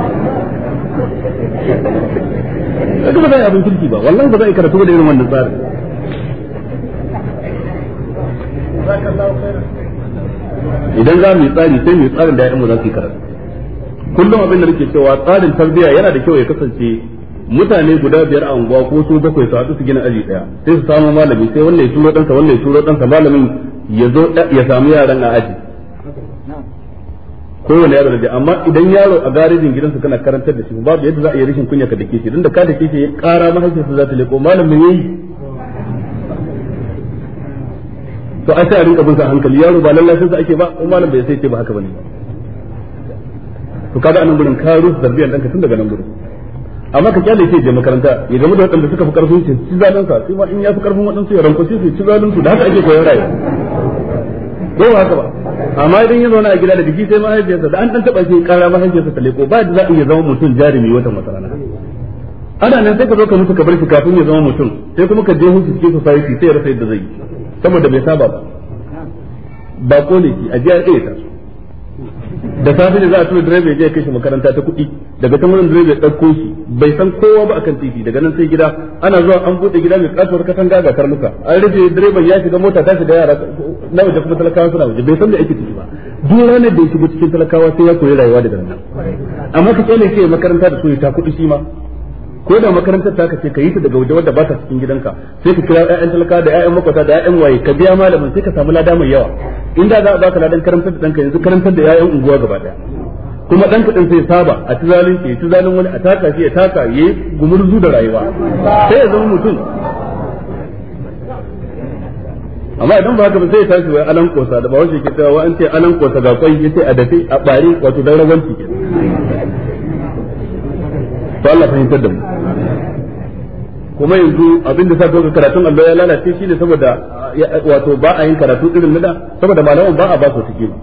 kaga ba za a yi abin kirki ba wallahi ba za a yi karatu ba da irin wannan tsarin idan za mu yi tsari sai mu yi tsarin da ya'yanmu za su yi karatu kullum abin da nake cewa tsarin tarbiyya yana da kyau ya kasance mutane guda biyar a unguwa ko su bakwai su haɗu su gina aji ɗaya sai su samu malami sai wannan ya turo ɗansa wannan ya turo ɗansa malamin ya zo ya samu yaran a aji kowane yaro da amma idan yaro a garejin gidansa kana karantar da shi babu yadda za a yi rashin kunya ka dake shi da ka dake shi kara mahaifinsa za ta leko malamin yayi to ai sai a rinka bin sa hankali yaro ba lallashin sa ake ba ko malam bai sai ce ba haka bane to kaga anan gurin ka rufe zarbiyan danka tun daga nan gurin amma ka kyale ce je makaranta ya zama da waɗanda suka fi karfin shi ci zalunsa sai ma in ya fi karfin wadansu ya ranko shi su ci zalunsu da haka ake koyon rayuwa ko ba haka ba amma idan ya zauna a gida da jiki sai mahaifiyarsa da an dan taba shi kara mahaifiyarsa ta leko ba da za a iya zama mutum jarumi wata wata rana ana nan sai ka zo ka mutu ka bar shi kafin ya zama mutum sai kuma ka je hukunci cikin society sai ya rasa yadda zai yi saboda bai saba ba ba ko ne ki a jiya ɗaya ta da safe ne za a tura direba ya kai shi makaranta ta kuɗi daga can wurin direba ya dauko shi bai san kowa ba akan titi daga nan sai gida ana zuwa an buɗe gida mai kasuwar katanga ga karnuka an rufe direban ya shiga mota ta shiga yara na waje kuma talakawa suna waje bai san da ake ciki ba duk ranar da ya shiga cikin talakawa sai ya koyi rayuwa daga nan amma ka kyale ke makaranta da su ta kuɗi shi ma ko da makarantar ta kace ka yi ta daga waje wadda ba ta cikin gidanka sai ka kira ƴaƴan talaka da ƴaƴan makwata da ƴaƴan waye ka biya malamin sai ka samu lada mai yawa inda za a ba ka ladan karantar da danka yanzu karantar da ƴaƴan unguwa gaba daya kuma dan kaɗan sai saba a ci zalin ya ci zalin wani a taka shi ya taka ya gumurzu da rayuwa sai ya zama mutum amma idan ba haka ba sai ya tashi wai alan kosa da ba wace ke cewa an ce alan kosa ga kwai yace a dafe a bare wato dan rawanci ke to Allah fahimtar da mu kuma yanzu abin da sa ga karatun allo ya lalace shine saboda wato ba a yin karatu irin na da saboda malaman ba a ba su tikima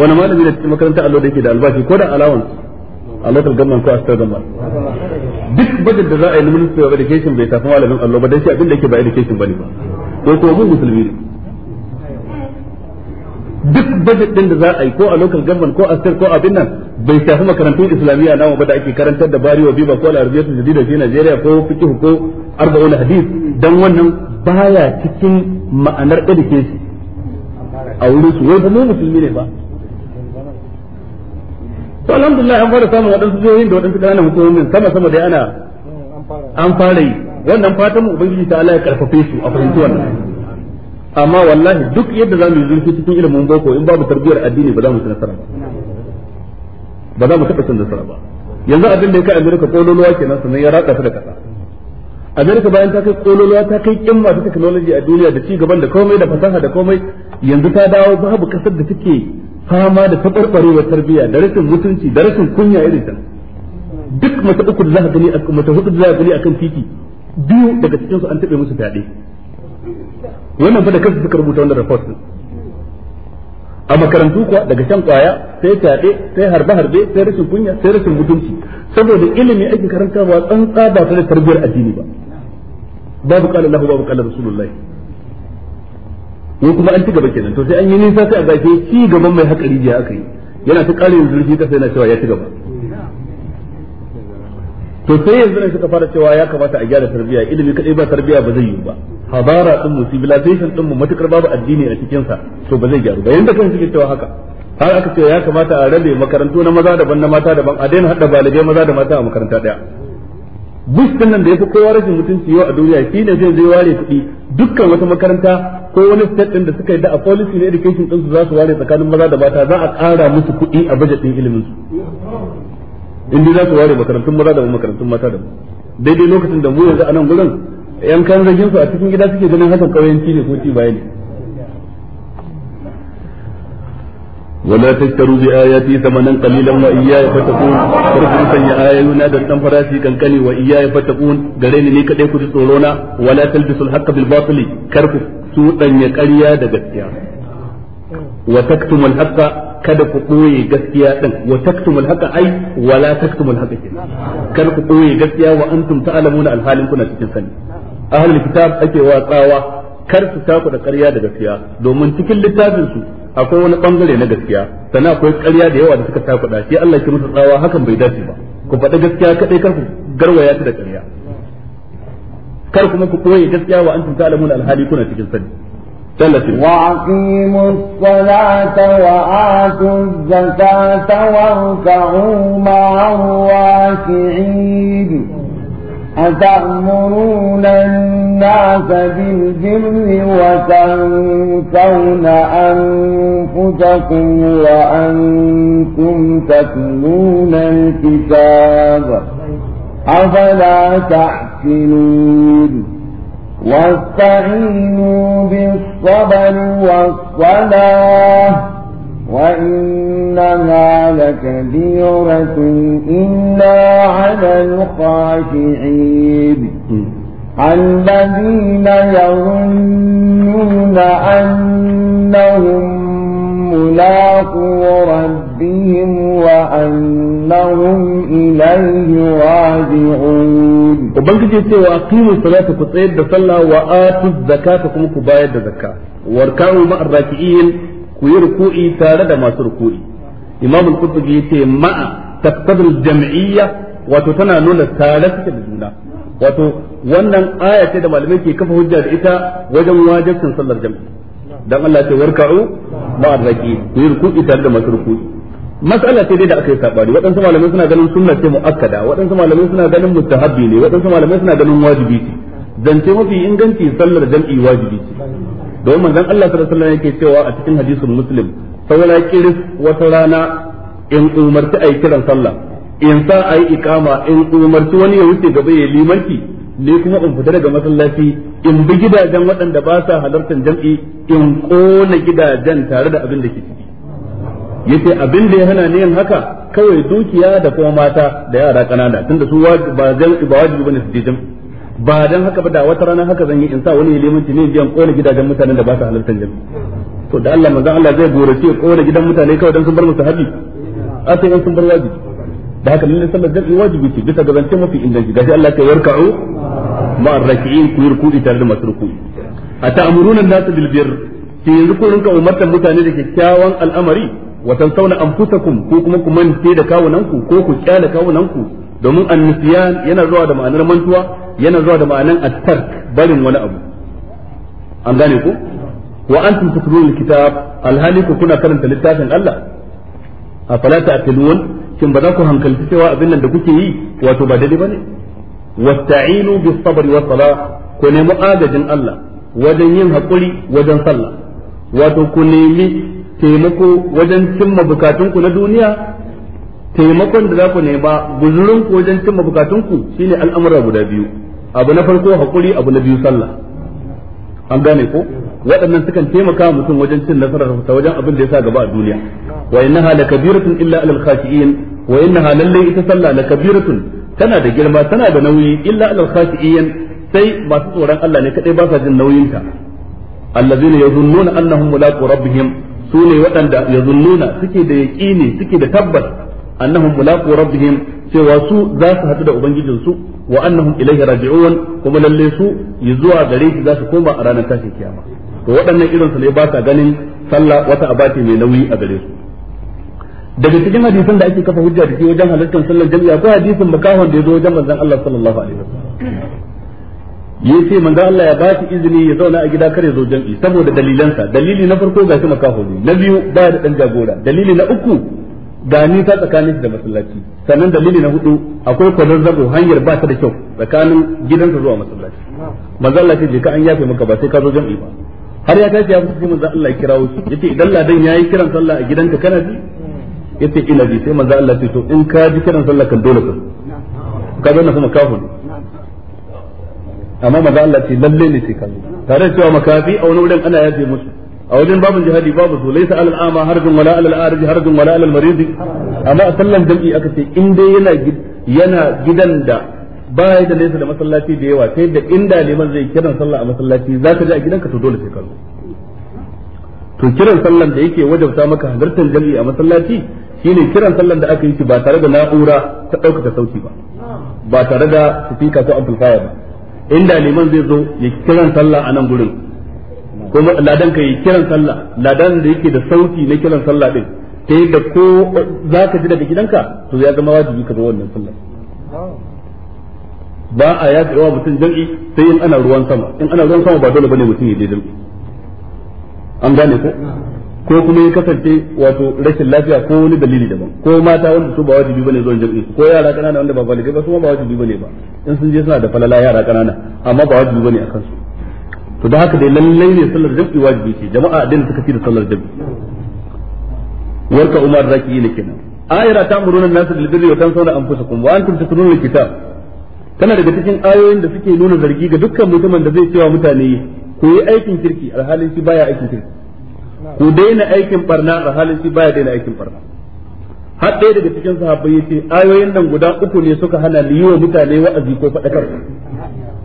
wani malami da cikin makarantar allo da yake da albashi ko da alawan a local government ko a state government duk budget da za a yi na ministry of education bai tafi malamin allo ba dan shi abin da yake ba education bane ba ko ko mun musulmi ne duk budget din da za a yi ko a local government ko a ko abin nan bai shafi makarantun islamiyya nawa ba da ake karantar da bariwa biba ko al-arabiyatu jadida fi Najeriya ko fiqh ko arba'un hadith dan wannan baya cikin ma'anar education a wurin su wai mu musulmi ne ba to alhamdulillah an fara samun wadansu jihohin da wadansu kananan hukumomin sama sama da ana an fara yi wannan fatan mu ubangiji ta Allah ya karfafe su a fahimci wannan amma wallahi duk yadda za mu yi zurfi cikin ilimin boko in babu tarbiyar addini ba za mu ci nasara ba ba za mu taɓa cin nasara ba yanzu abin da ya kai amerika kololuwa kenan sannan ya ratsa su da kasa amerika bayan ta kai kololuwa ta kai kimma masu technology a duniya da ci gaban da komai da fasaha da komai yanzu ta dawo babu kasar da take fama da taɓarɓarewar tarbiyya da rashin mutunci da rashin kunya irin ta duk mata uku da za gani mata hudu da za gani akan titi biyu daga cikin su an taɓe musu fyaɗe wannan fa da kansu suka rubuta wannan report din a makarantu kuwa daga shan kwaya sai tade sai harbe harbe sai rashin kunya sai rashin mutunci saboda ilimi ake karantarwa tsantsa ba tare da tarbiyyar addini ba babu qala lahu babu qala rasulullahi ko kuma an ci gaba kenan to sai an yi nisa sai a gafe ci gaban mai hakari jiya aka yi yana ta kare zurfi sai na cewa ya ci gaba to sai yanzu ne suka fara cewa ya kamata a gyara tarbiyya ilimi kadai ba tarbiyya ba zai yi ba habara din mu civilization din mu matukar babu addini a cikin sa to ba zai gyaru ba yanda kan suke cewa haka har aka ce ya kamata a rabe makarantu na maza daban na mata daban a daina hada balagai maza da mata a makaranta daya bush din nan da yafi kowa rashin mutunci yau a duniya shine zai zai ware kuɗi dukkan wata makaranta ko wani state din da suka yi da a policy na education din su za su ware tsakanin maza da mata za a ƙara musu kuɗi a budget din ilimin su in za su ware makarantun maza da makarantun mata da daidai lokacin da mu yanzu a nan gurin yan kan zagin su a cikin gida suke ganin haka kauyanci ne ko ci baya ne ولا تشتروا بآياتي ثمنا قليلا وإياي فتقون فرقم سنيا آيونا دستان فراشي كان وإياي فتقون قريني ليك ديكو تسولونا ولا تلبسوا الحق بالباطل كركو سوطا يكاليا دقتيا وتكتم الحق kada ku ɓoye gaskiya ɗin wa taktumul haka ai wala taktumul haka kenan kada ku ɓoye gaskiya wa antum ta'lamuna alhalin cikin sani ahlul kitab ake watsawa kar su taku da ƙarya da gaskiya domin cikin littafin su akwai wani bangare na gaskiya sannan akwai ƙarya da yawa da suka taku da shi Allah ke musu tsawa hakan bai dace ba ku faɗi gaskiya kadai kar ku garwaya ta da ƙarya kar kuma ku koyi gaskiya wa antum ta'lamuna alhali kuna cikin sani ثلاثين. وأقيموا الصلاة وآتوا الزكاة واركعوا مع الراكعين أتأمرون الناس بالبر وتنسون أنفسكم وأنتم تتلون الكتاب أفلا تحسنون واستعينوا بالصبر والصلاة وإنها لكبيرة إلا على الخاشعين الذين يظنون أنهم ملاقو ربهم وأنهم إليه راجعون وبنك جيت وأقيموا الصلاة كتير صلى وآتوا الزكاة كم كباية الزكاة واركعوا مع الراكعين ku yi ruku'i tare da masu ruku'i imam al-qurtubi yace ma'a taqtadul jam'iyya wato tana nuna tare suke da juna wato wannan aya ce da malamai ke kafa hujja da ita wajen wajibcin sallar jam'i dan Allah ce warka'u ma'a raqi ku yi ruku'i tare da masu ruku'i mas'ala ce dai da aka yi sabani waɗansu malamai suna ganin sunna ce muakkada waɗansu malamai suna ganin mutahabbi ne waɗansu malamai suna ganin wajibi ce zance mafi inganci sallar jam'i wajibi ce domin manzon Allah sallallahu alaihi wasallam yake cewa a cikin hadisin muslim saboda kiris wata rana in umarci ayi kiran sallah in sa ayi ikama in umarci wani ya wuce gaba ya limanci ne kuma in fita daga masallaci in bi gidajen waɗanda ba sa halartar jam'i in kona gidajen tare da abin da ke ciki yace abin da ya hana ni yin haka kawai dukiya da kuma mata da yara kanana tunda su ba wajibi bane su je jam'i ba dan haka ba da wata rana haka zan yi in sa wani limanci ne biyan kona gidajen mutanen da ba su halartar jami'a to da Allah manzo Allah zai gorace kona gidan mutane kawai dan sun bar musu haji a sai in sun bar wajibi da haka lallai sallar jami'i wajibi ce bisa ga zance mafi inganci gashi Allah ka yarka'u ma'ar raki'in ku ruku'i tare da masu ruku'i ata'muruna an-nasa bil birr yanzu ku rinka umartar mutane da kyakkyawan al'amari wa tansawna anfusakum ko kuma ku mance da kawunanku ko ku kyale kawunanku domin annisiyan yana zuwa da ma'anar mantuwa yana zuwa da ma'anan attar barin wani abu an gane ku wa antum tatlun al-kitab kuna karanta littafin Allah afala ta'qilun kin ba za ku hankalci cewa abin nan da kuke yi wato ba daidai bane wasta'inu bis sabri was salah ku nemi agajin Allah wajen yin hakuri wajen sallah wato ku nemi taimako wajen cimma bukatunku na duniya taimakon da za ku nema guzurinku wajen cimma bukatunku shine al'amura guda biyu abu na farko hakuri abu na biyu sallah an gane ko waɗannan sukan taimaka mutum wajen cin nasarar ta wajen abin da ya sa gaba a duniya wa innaha lakabiratun illa alal khashiin wa innaha lalle ita sallah Kabiratun. tana da girma tana da nauyi illa alal khashiin sai masu tsoron Allah ne kadai ba sa jin nauyinta allazina yazunnuna annahum mulaqu rabbihim sune waɗanda yazunnuna suke da yaqini suke da tabbas annahum mulaqu rabbihim cewa su za su haɗu da ubangijinsu wa annahum ilaihi raji'un kuma lalle su yi zuwa gare shi za su koma a ranar tashin kiyama to waɗannan irin su ne ba sa ganin sallah wata abati mai nauyi a gare su daga cikin hadisin da ake kafa hujja da ke wajen halartar sallar jami'a ko hadisin makahon da ya zo wajen manzon Allah sallallahu alaihi wasallam yace manzo Allah ya ba shi izini ya zauna a gida kare zo jami'i saboda dalilansa dalili na farko gashi makaho ne na biyu ba da dan jagora dalili na uku ga nisa tsakanin da masallaci sannan dalili na hudu akwai kwadon zago hanyar ba ta da kyau tsakanin gidansa zuwa masallaci manzo Allah ce ka an yafe maka ba sai ka zo jami'i ba har ya tashi ya fi sai manzo Allah ya kirawo shi yace idan ladan yayi kiran sallah a gidanka kana ji yace ina ji sai manzo Allah ce to in ka ji kiran sallah kan dole ka ka zo na kuma kafin amma manzo Allah ce lalle ne sai ka zo tare da cewa makafi a wani wurin ana yafe musu a wajen babin jihadi babu su laisa alal ama harjin wala alal arji harjin wala alal maridi amma a sallan jam'i aka ce in dai yana yana gidan da baya da nesa da masallaci da yawa sai da inda liman zai kiran sallah a masallaci za ka je a gidanka to dole sai ka to kiran sallan da yake wajabta maka halartar jam'i a masallaci shine kiran sallan da aka yi shi ba tare da na'ura ta ɗaukaka sauti ba ba tare da sifika ko amplifier ba inda liman zai zo ya kiran sallah a nan gurin kuma ladan ka yi kiran sallah ladan da yake da sauti na kiran sallah din ta da ko za ka ji daga gidanka to ya zama wajibi ka zo wannan sallah ba a ya tsawa mutum jam'i sai in ana ruwan sama in ana ruwan sama ba dole bane mutum ya je jam'i an gane ko ko kuma ya kasance wato rashin lafiya ko wani dalili daban ko mata wanda su ba wajibi bane zuwa jam'i ko yara kanana wanda ba baligai ba su ba wajibi bane ba in sun je suna da falala yara kanana amma ba wajibi bane akan su to da haka dai lallai ne sallar jam'i wajibi ce jama'a din suka fi da sallar jam'i warka umar zaki ne kenan ayira ta murunan nasu da birri wa da anfusakum wa antum tatluna alkitab tana daga cikin ayoyin da suke nuna zargi ga dukkan mutumin da zai cewa mutane ku yi aikin kirki alhalin shi baya aikin kirki ku daina aikin barna alhalin shi baya daina aikin barna har ɗaya daga cikin sahabbai yace ayoyin nan guda uku ne suka hana ni yi wa mutane wa'azi ko faɗakar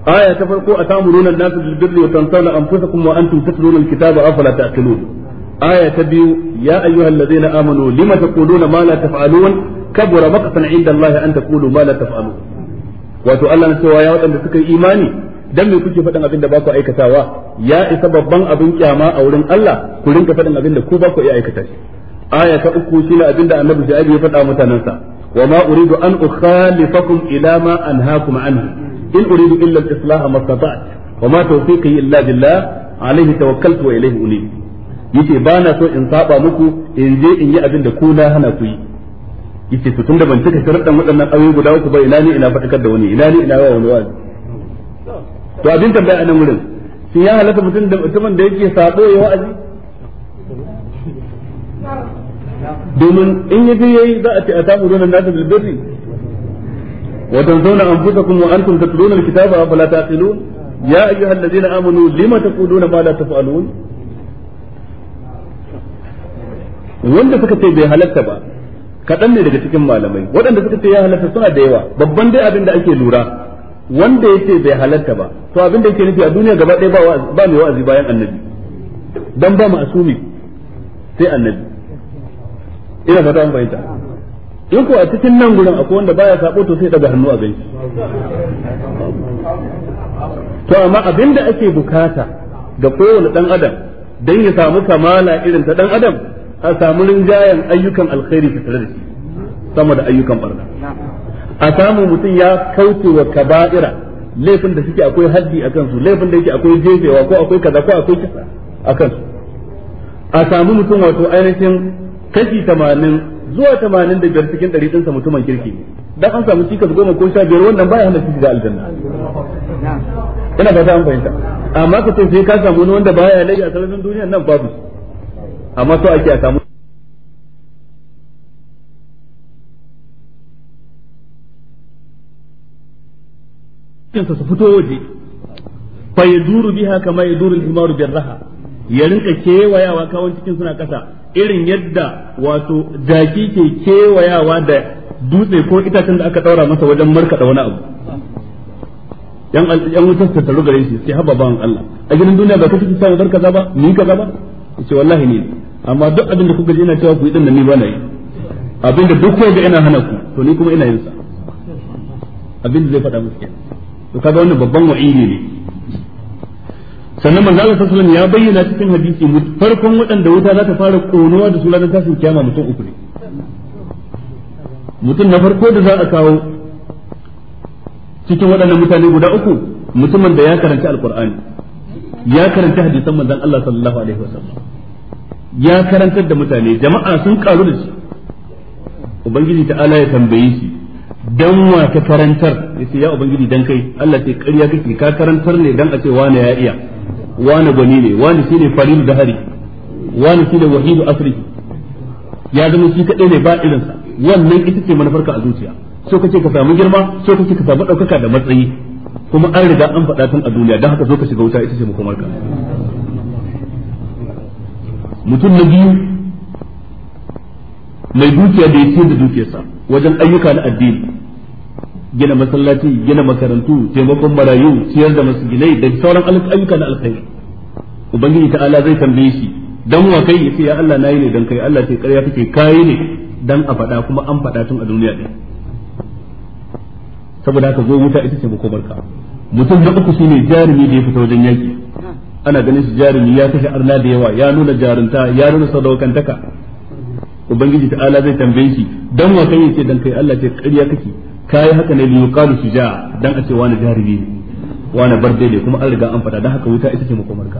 aya ta farko a samu an-nasu bil birri wa tansawna anfusakum wa antum tatluna al-kitaba afala ta'qilun aya ta biyu ya ayyuhallazina na lima taquluna ma la taf'alun kabura maqtan 'inda Allah an taqulu ma la taf'alun wato Allah na cewa ya waɗanda suka yi imani dan me kuke faɗin abin da ba aikatawa ya isa babban abin kyama a wurin Allah ku rinka faɗin abin da ku ba iya aikata aya ta uku shine abin da Annabi Shu'aib ya wa ma an ukhalifakum ilama ma in uridu illa al-islah ma stata'tu wa ma tawfiqi illa billah alaihi tawakkaltu wa ilaihi unib yace ba na so in saba muku in je in yi abin da ku na hana ku yi yace to tunda ban cika sharuɗan waɗannan ayoyi guda uku ba ina ne ina faɗakar da wani ina ne ina wani wa'azi to abin tambaya a nan wurin shin ya halatta mutum da mutumin da yake sabo ya wa'azi domin in yaje yayi za a ce a samu zonan nasa bilbirri وتنسون أنفسكم وأنتم تتلون الكتاب أفلا تعقلون يا أيها الذين آمنوا لما تقولون ما لا تفعلون wanda suka ce bai halatta ba kaɗan ne daga cikin malamai waɗanda suka ce ya halatta suna da yawa babban dai abin da ake lura wanda ya ce bai halatta ba to abin da yake nufi a duniya gaba ɗaya ba mai wa'azi bayan annabi dan ba ma'asumi sai annabi ina fata an fahimta in ko a cikin nan gurin akwai wanda baya sabo to sai daga hannu a gaisu. to amma abinda ake bukata ga kowane dan adam dan ya samu kamala irin ta dan adam a samu rinjayen ayyukan alkhairi tare da shi sama da ayyukan barna a samu mutum ya kauce wa kaba'ira laifin da suke akwai haddi a kansu laifin da yake akwai jefewa ko akwai kaza ko akwai kisa a kansu a samu mutum wato ainihin kashi tamanin zuwa tamanin da biyar cikin dari din sa mutumin kirki ne dan an samu cikas goma ko sha biyar wannan baya hana shi shiga aljanna ina ta an fahimta amma ka ce sai ka samu wani wanda baya laifi a sararin duniya nan babu amma so ake a samu sa su fito waje fa yaduru biha kama yaduru al-himaru biyar raha ya rinka kewayawa kawon cikin suna kasa irin yadda wato jaki ke kewayawa da dutse ko itacen da aka daura masa wajen markaɗa wani abu yan yan wutar ta taru gare shi sai haba bawan Allah a gidan duniya ba kake samu barka za ba ni kaza ba ce wallahi ne amma duk abin da kuka ji ina cewa ku yi din da ni ba na yi abin da duk ga ina hana ku to ni kuma ina yin sa abin da zai faɗa musu kenan to kaga wannan babban wa'idi ne sannan manzo Allah sallallahu alaihi ya bayyana cikin hadisi mu farkon waɗanda wuta za ta fara konuwa da su ranar tashin kiyama mutum uku ne mutum na farko da za a kawo cikin waɗannan mutane guda uku mutumin da ya karanta alqur'ani ya karanta hadisan manzon Allah sallallahu alaihi wasallam ya karantar da mutane jama'a sun karu da shi ubangiji ta'ala ya tambaye shi dan wa ka karantar yace ya ubangiji dan kai Allah sai ƙarya kake ka karantar ne dan a ce wani ya iya wani gani ne wani shine farin da hari wani shine wahidu asri ya zama shi kadai ne ba irin sa wannan ita ce manufar ka a zuciya so kace ka samu girma so kace ka samu daukaka da matsayi kuma an riga an faɗa tun a duniya dan haka zo ka shiga wuta ita ce mukamar ka mutum na biyu mai dukiya da ya ce da dukiyarsa wajen ayyuka na addini gina masallaci gina makarantu taimakon marayu ciyar da masjidai da sauran ayyuka na alkhairi ubangiji ta'ala zai tambaye shi dan wa kai yace ya Allah nayi ne dan kai Allah sai ƙarya kake kai ne dan a faɗa kuma an fada tun a duniya din saboda haka zo wuta ita ce makomarka mutum da uku shine jarumi da ya fita wajen yaki ana ganin shi jarumi ya kashe arna da yawa ya nuna jarunta ya nuna sadaukantaka ubangiji ta'ala zai tambaye shi dan wa kai yace dan kai Allah ce ƙarya kake kai haka ne qalu shuja dan a ce wani jarumi ne wani barde ne kuma an riga an fada dan haka wuta ita ce makomarka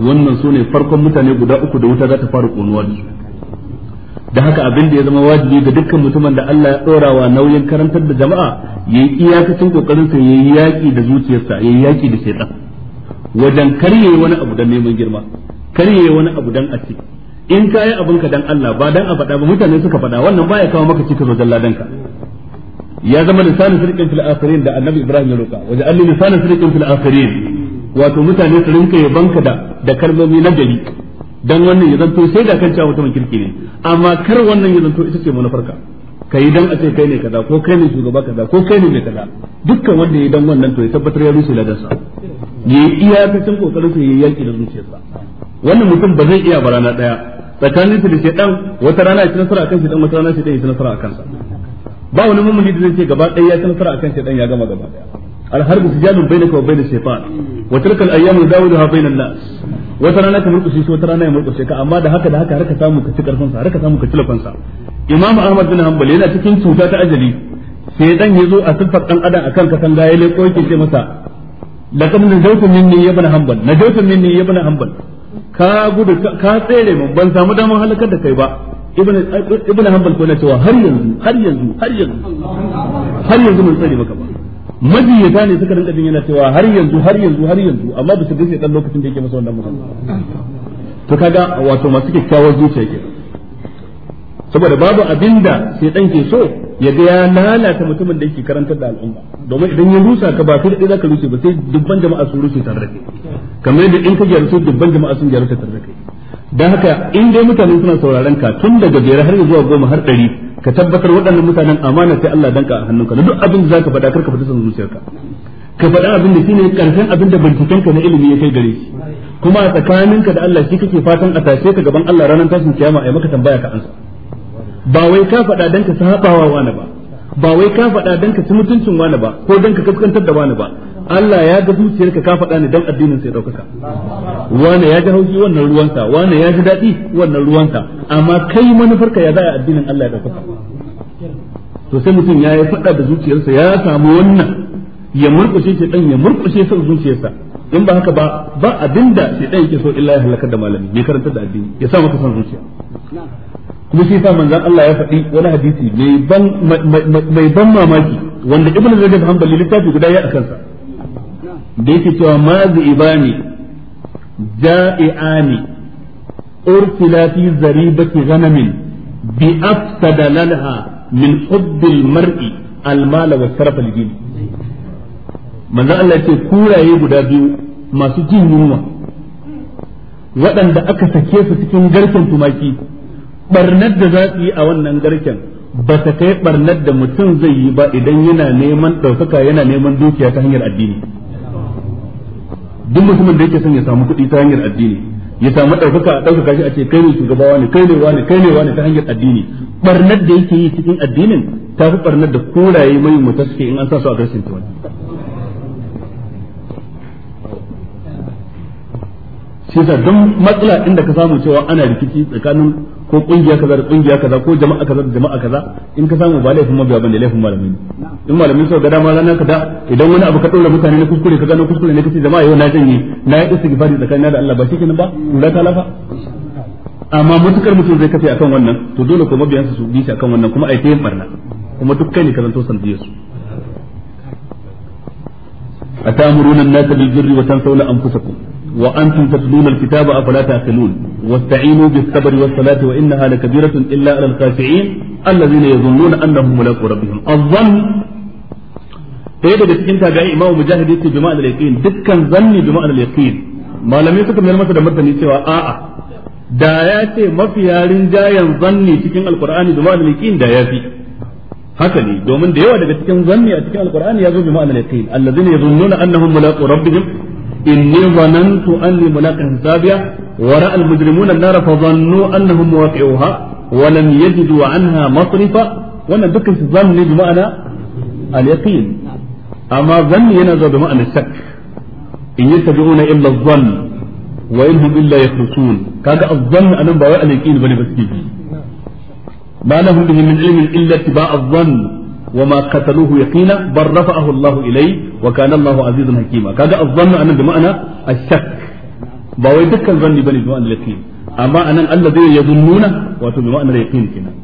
wannan sune farkon mutane guda uku da wuta za ta fara konuwa da su da haka abin da ya zama wajibi ga dukkan mutumin da Allah ya ɗorawa nauyin karantar da jama'a yayi iyakacin kokarin sa yayi yaki da zuciyarsa yayi yaki da shaytan wajen karye wani abu dan neman girma karye wani abu dan ce in ka yi abinka dan Allah ba dan a faɗa ba mutane suka faɗa wannan baya kawo maka cikin wajen ka. ya zama lisanin sirqin fil akhirin da annabi ibrahim ya roka waje alli lisanin sirqin fil akhirin wato mutane su rinka banka da da kalmomi na gari dan wannan ya zanto sai da kan cewa mutumin kirki ne amma kar wannan ya zanto ita ce manufarka kai dan a ce kai ne kaza ko kai ne shugaba kaza ko kai ne mai kaza dukkan wanda ya dan wannan to ya tabbatar ya rushe ladansa ya yi iyakacin kokarin sa ya yaki da zuciyarsa wannan mutum ba zai iya barana daya tsakanin su da shedan wata rana ya ci nasara akan shedan wata rana shedan ya ci nasara akan sa ba wani mummuni da zai ce gaba ɗaya ya ci nasara akan shedan ya gama gaba ɗaya الحرب سجال بينك وبين الشيطان وتلك الايام نداولها بين الناس wata rana ka murkushe shi wata rana ya murkushe ka amma da haka da haka harka samu ka ci karfin sa harka samu ka ci lafan sa imam ahmad bin hanbal yana cikin cuta ta ajali sai dan yazo a siffar dan adam akan ka san ga ya leko yake ce masa laqad najawtu minni ibn hanbal najawtu minni ibn hanbal ka gudu ka tsere mun ban samu damar halakar da kai ba ibn ibn hanbal ko na cewa har yanzu har yanzu har yanzu har yanzu mun tsare maka ba majiyata ne suka rinka jin yana cewa har yanzu har yanzu har yanzu amma ba su dace dan lokacin da yake masa wannan magana to kaga wato masu kyakkyawar zuciya kenan saboda babu abin da shedan ke so ya ga ya lalata mutumin da yake karantar da al'umma domin idan ya rusa ka ba sai za zaka rushe ba sai dubban jama'a sun rushe tare da kai kamar yadda in ka gyaru sai dubban jama'a sun gyaru tare da kai dan haka in dai mutane suna sauraron ka tun daga biyar har zuwa goma har ɗari ka tabbatar waɗannan mutanen amana sai Allah danka a hannunka duk abin da zaka faɗa kar ka fita san zuciyarka ka faɗa abin da shine karshen abin da binciken ka na ilimi ya kai gare shi kuma a tsakaninka da Allah shi kake fatan a tashe ka gaban Allah ranar tashin kiyama ai maka tambaya ka ansa ba wai ka faɗa dan ka sabawa wani ba ba wai ka faɗa dan ka ci mutuncin wani ba ko dan ka kaskantar da wani ba Allah ya ga zuciyarka ka faɗa ne dan addinin sai ɗaukaka wani ya ji haushi wannan ruwansa wani ya ji daɗi wannan ruwansa amma kai manufarka ya za a addinin Allah ya ɗaukaka to sai mutum ya yi faɗa da zuciyarsa ya samu wannan ya murƙushe shi ɗan ya murƙushe son zuciyarsa in ba haka ba ba abinda shi ɗan yake so illa ya halakar da malami ya karanta da addini ya sa maka son zuciya kuma shi sa manzon Allah ya faɗi wani hadisi mai ban mamaki wanda ibnu rajab hanbali littafi guda ya kansa da yake cewa ma ibani ja'iani ursila fi zaribati ghanamin bi afsada lalaha min hubbil mar'i almala wa sarafa lidini manzo Allah ya ce kuraye guda biyu masu jin yunwa waɗanda aka sake su cikin garken tumaki barnar da za su yi a wannan garken ba ta kai barnar da mutum zai yi ba idan yana neman ɗaukaka yana neman dukiya ta hanyar addini duk mutumin da yake son ya samu kuɗi ta hanyar addini ya samu ɗaukaka a ɗaukaka shi a ce kai ne shugaba ne kai ne wani kai ne wani ta hanyar addini barnar da yake yi cikin addinin ta fi barnar da koraye mai mutu suke in an sa su a garsin ta wani shi sa don matsala inda ka samu cewa ana rikici tsakanin ko kungiya kaza da kungiya kaza ko jama'a kaza da jama'a kaza in ka samu ba laifin mabiya bane laifin ne in malami suka ga dama ranar kaza idan wani abu ka dora mutane na kuskure ka gano kuskure ne kace jama'a yau na janye na yi istighfari tsakanina da Allah ba kenan ba kula ta lafa amma mutukar mutum zai kafe akan wannan to dole ko mabiyansa su bi shi akan wannan kuma ai ta yin barna kuma duk kai ne ka zanto sandiye su atamuruna الناس بالبر وتنسون birri wa antum tatluna alkitaba afala taqilun wasta'inu bis sabri was salati wa innaha lakabiratun illa alal khashi'in alladhina yadhunnuna annahum mulaqu rabbihim adh-dhann sai daga cikin tabi'i imamu mujahid yace bi ma'anar yaqin dukkan zanni bi ma'anar yaqin malamai suka mayar masa da martani cewa a'a da ya ce mafi yarin jayan zanni cikin alqur'ani bi ma'anar da ya fi haka ne domin da yawa daga cikin zanni a cikin ya bi inni zanantu anni mulaqin hisabiya wa ra'a al-mujrimuna an-nar fa dhannu annahum muwaqi'uha wa lam yajidu anha masrifa wannan dukkan su zanni bi ma'ana al amma zanni yana zuwa bi ma'ana shak in yattabi'una illa adh-dhann wa in hum illa yakhrusun kaga adh-dhann ba wai al ba suke bi min ilmin وما قتلوه يقينا بل رفعه الله إليه wa kana Allahu azizun hakima kaga azzannu anan da ma'ana ashak ba wai dukkan zanni bane da ma'anar yaqin amma anan alladhina yadhunnuna wato bi ma'anar yaqin kenan